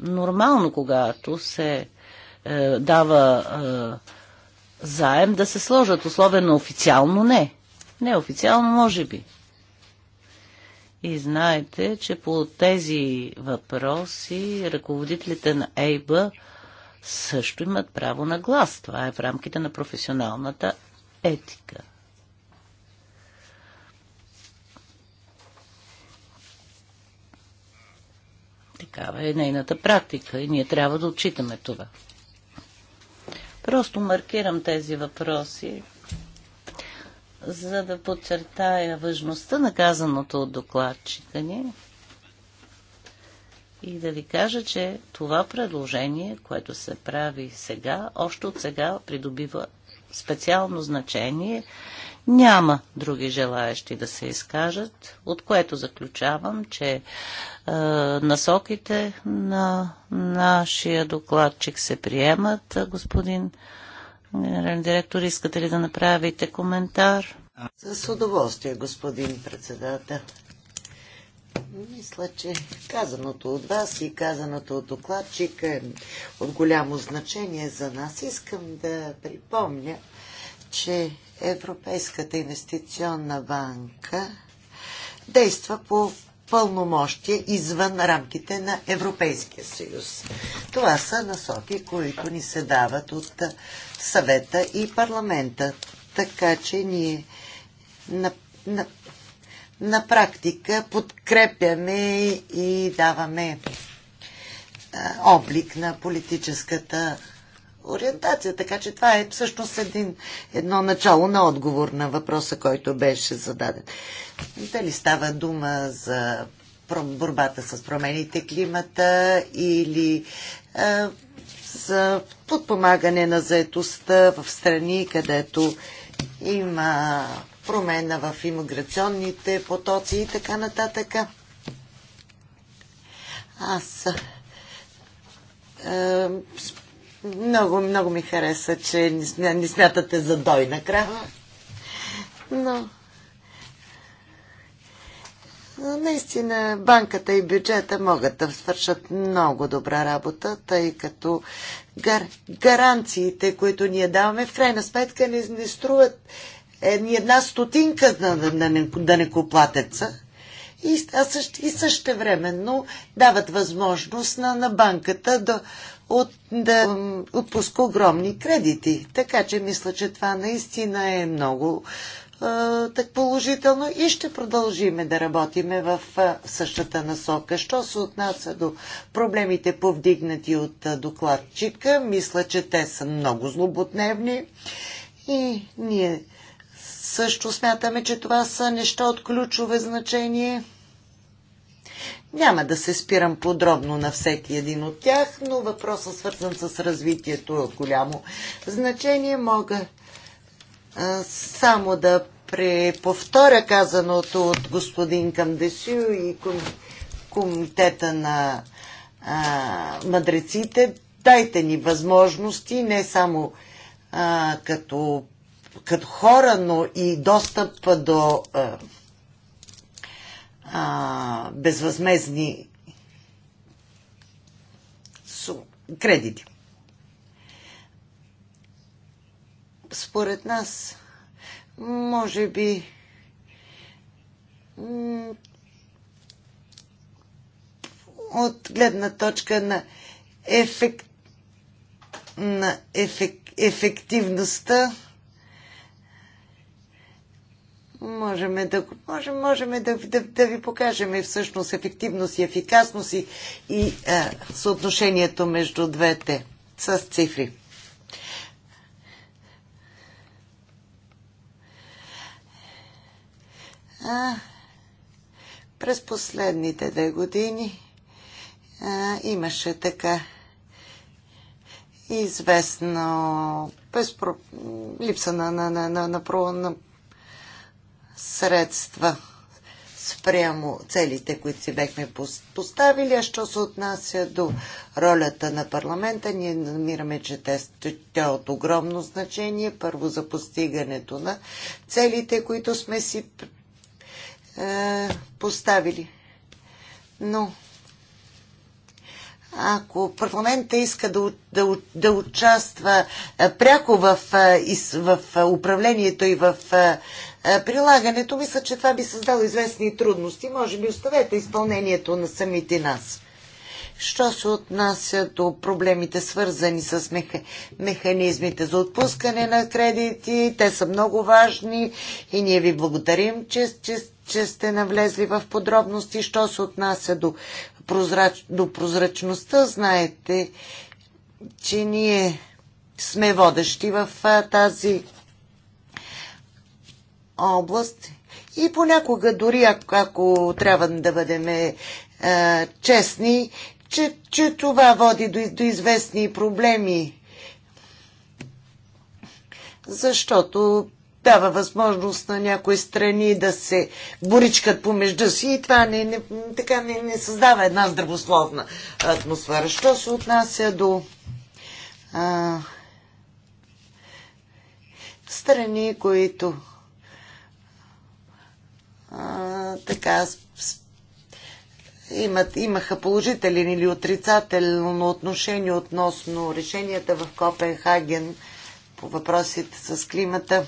нормално, когато се е, дава е, заем да се сложат. Условено официално не. Неофициално може би. И знаете, че по тези въпроси ръководителите на ЕЙБА също имат право на глас. Това е в рамките на професионалната етика. Такава е нейната практика и ние трябва да отчитаме това. Просто маркирам тези въпроси, за да подчертая важността на казаното от докладчика ни и да ви кажа, че това предложение, което се прави сега, още от сега придобива специално значение. Няма други желаящи да се изкажат, от което заключавам, че е, насоките на нашия докладчик се приемат. Господин генерален директор, искате ли да направите коментар? С удоволствие, господин председател. Мисля, че казаното от вас и казаното от докладчика е от голямо значение за нас. Искам да припомня, че Европейската инвестиционна банка действа по пълномощие извън рамките на Европейския съюз. Това са насоки, които ни се дават от съвета и парламента. Така че ние на, на, на практика подкрепяме и даваме облик на политическата ориентация. Така че това е всъщност един, едно начало на отговор на въпроса, който беше зададен. Дали става дума за борбата с промените климата или а, за подпомагане на заетостта в страни, където има промена в иммиграционните потоци и така нататък. Аз а, е, много, много ми хареса, че не, не смятате за дойна крава, но наистина банката и бюджета могат да свършат много добра работа, тъй като гар, гаранциите, които ние даваме, в крайна сметка не, не струват една стотинка да не на, на некоплатеца и, а също, и същевременно дават възможност на, на банката да, от, да отпуска огромни кредити. Така че мисля, че това наистина е много е, так положително и ще продължиме да работиме в същата насока. Що се отнася до проблемите повдигнати от докладчика, мисля, че те са много злободневни и ние също смятаме, че това са неща от ключове значение. Няма да се спирам подробно на всеки един от тях, но въпросът свързан с развитието е от голямо значение. Мога а, само да преповторя казаното от господин Камдесю и ком, комитета на а, мъдреците. Дайте ни възможности не само а, като като хора, но и достъп до а, а, безвъзмезни кредити. Според нас, може би, от гледна точка на, ефект, на ефект, ефективността можем да, можем, можем да, да, да ви покажем всъщност ефективност и ефикасност и, и а, съотношението между двете с цифри. А, през последните две години а, имаше така известно безпро... липса на, на, на, на, на, на средства спрямо целите, които си бехме поставили, а що се отнася до ролята на парламента, ние намираме, че тя е от огромно значение, първо за постигането на целите, които сме си е, поставили. Но ако парламента иска да, да, да участва е, пряко в, е, в е, управлението и в прилагането, мисля, че това би създало известни трудности. Може би оставете изпълнението на самите нас. Що се отнася до проблемите, свързани с меха... механизмите за отпускане на кредити, те са много важни и ние ви благодарим, че, че, че сте навлезли в подробности. Що се отнася до, прозрач... до прозрачността, знаете, че ние сме водещи в тази област и понякога дори ако, ако трябва да бъдем е, е, честни, че, че това води до, до известни проблеми. Защото дава възможност на някои страни да се боричкат помежду си и това не, не, така не, не създава една здравословна атмосфера. Що се отнася до а, страни, които а, така имат, имаха положителен или отрицателно отношение относно решенията в Копенхаген по въпросите с климата.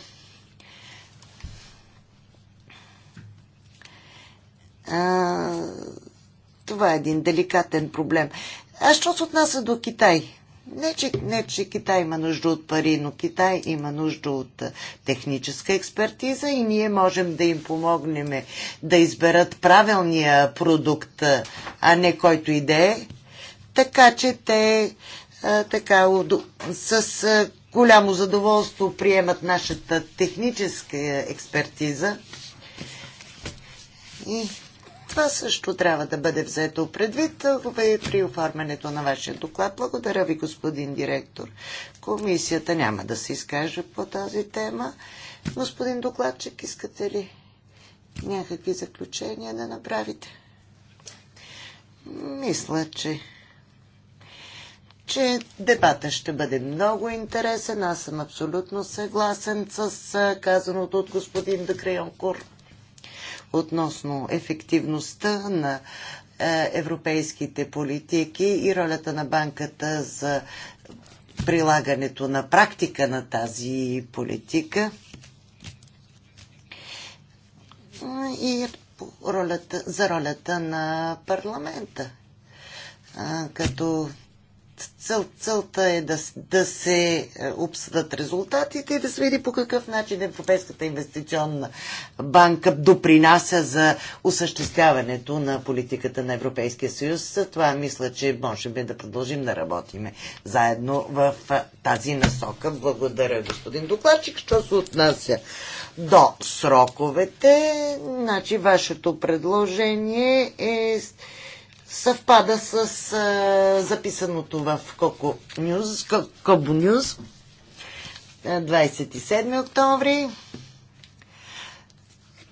А, това е един деликатен проблем. А що се отнася до Китай? Не че, не, че Китай има нужда от пари, но Китай има нужда от техническа експертиза и ние можем да им помогнем да изберат правилния продукт, а не който идея. Така че те а, така, с а, голямо задоволство приемат нашата техническа експертиза. И това също трябва да бъде взето предвид при оформянето на вашия доклад. Благодаря ви, господин директор. Комисията няма да се изкаже по тази тема. Господин докладчик, искате ли някакви заключения да направите? Мисля, че че дебата ще бъде много интересен. Аз съм абсолютно съгласен с казаното от господин Курт относно ефективността на е, европейските политики и ролята на банката за прилагането на практика на тази политика и ролята, за ролята на парламента. Като цел, целта е да, да се е, обсъдат резултатите и да се види по какъв начин Европейската инвестиционна банка допринася за осъществяването на политиката на Европейския съюз. За това мисля, че можем да продължим да работим заедно в е, тази насока. Благодаря, господин докладчик. Що се отнася до сроковете, значи вашето предложение е съвпада с а, записаното в Коко Нюз, Кобо Нюз, 27 е, октомври.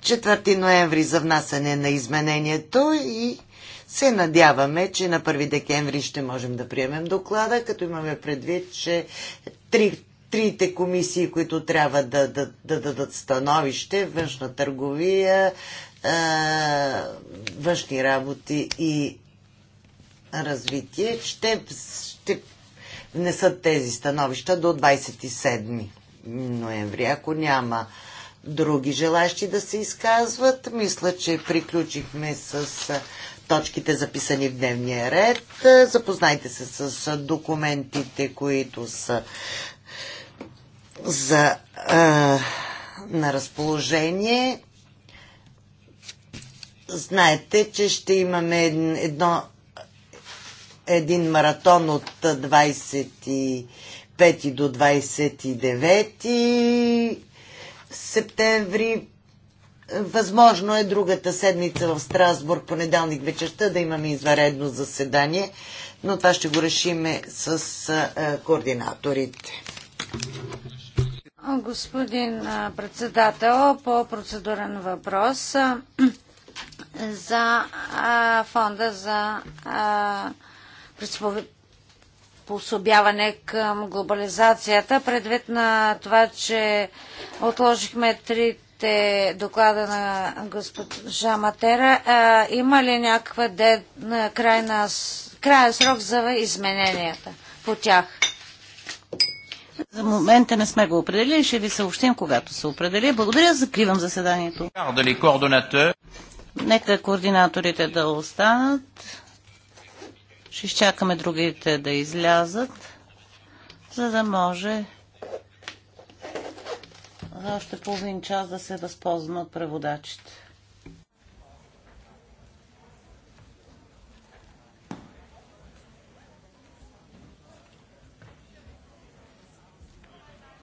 4 ноември за внасяне на изменението и се надяваме, че на 1 декември ще можем да приемем доклада, като имаме предвид, че три, трите комисии, които трябва да, да, да дадат становище, външна търговия, е, външни работи и развитие ще, ще внесат тези становища до 27 ноември. Ако няма други желащи да се изказват, мисля, че приключихме с точките записани в дневния ред. Запознайте се с документите, които са за, а, на разположение знаете, че ще имаме едно един маратон от 25 до 29 септември. Възможно е другата седмица в Страсбург, понеделник вечерта, да имаме изваредно заседание, но това ще го решиме с координаторите. Господин председател, по процедурен въпрос за фонда за приспособяване към глобализацията. Предвид на това, че отложихме трите доклада на госпожа Матера, а, има ли някаква крайна, крайен срок за измененията по тях? За момента не сме го определили. Ще ви съобщим, когато се определи. Благодаря. Закривам заседанието. Нека координаторите да останат. Ще изчакаме другите да излязат, за да може за още половин час да се възползваме от преводачите.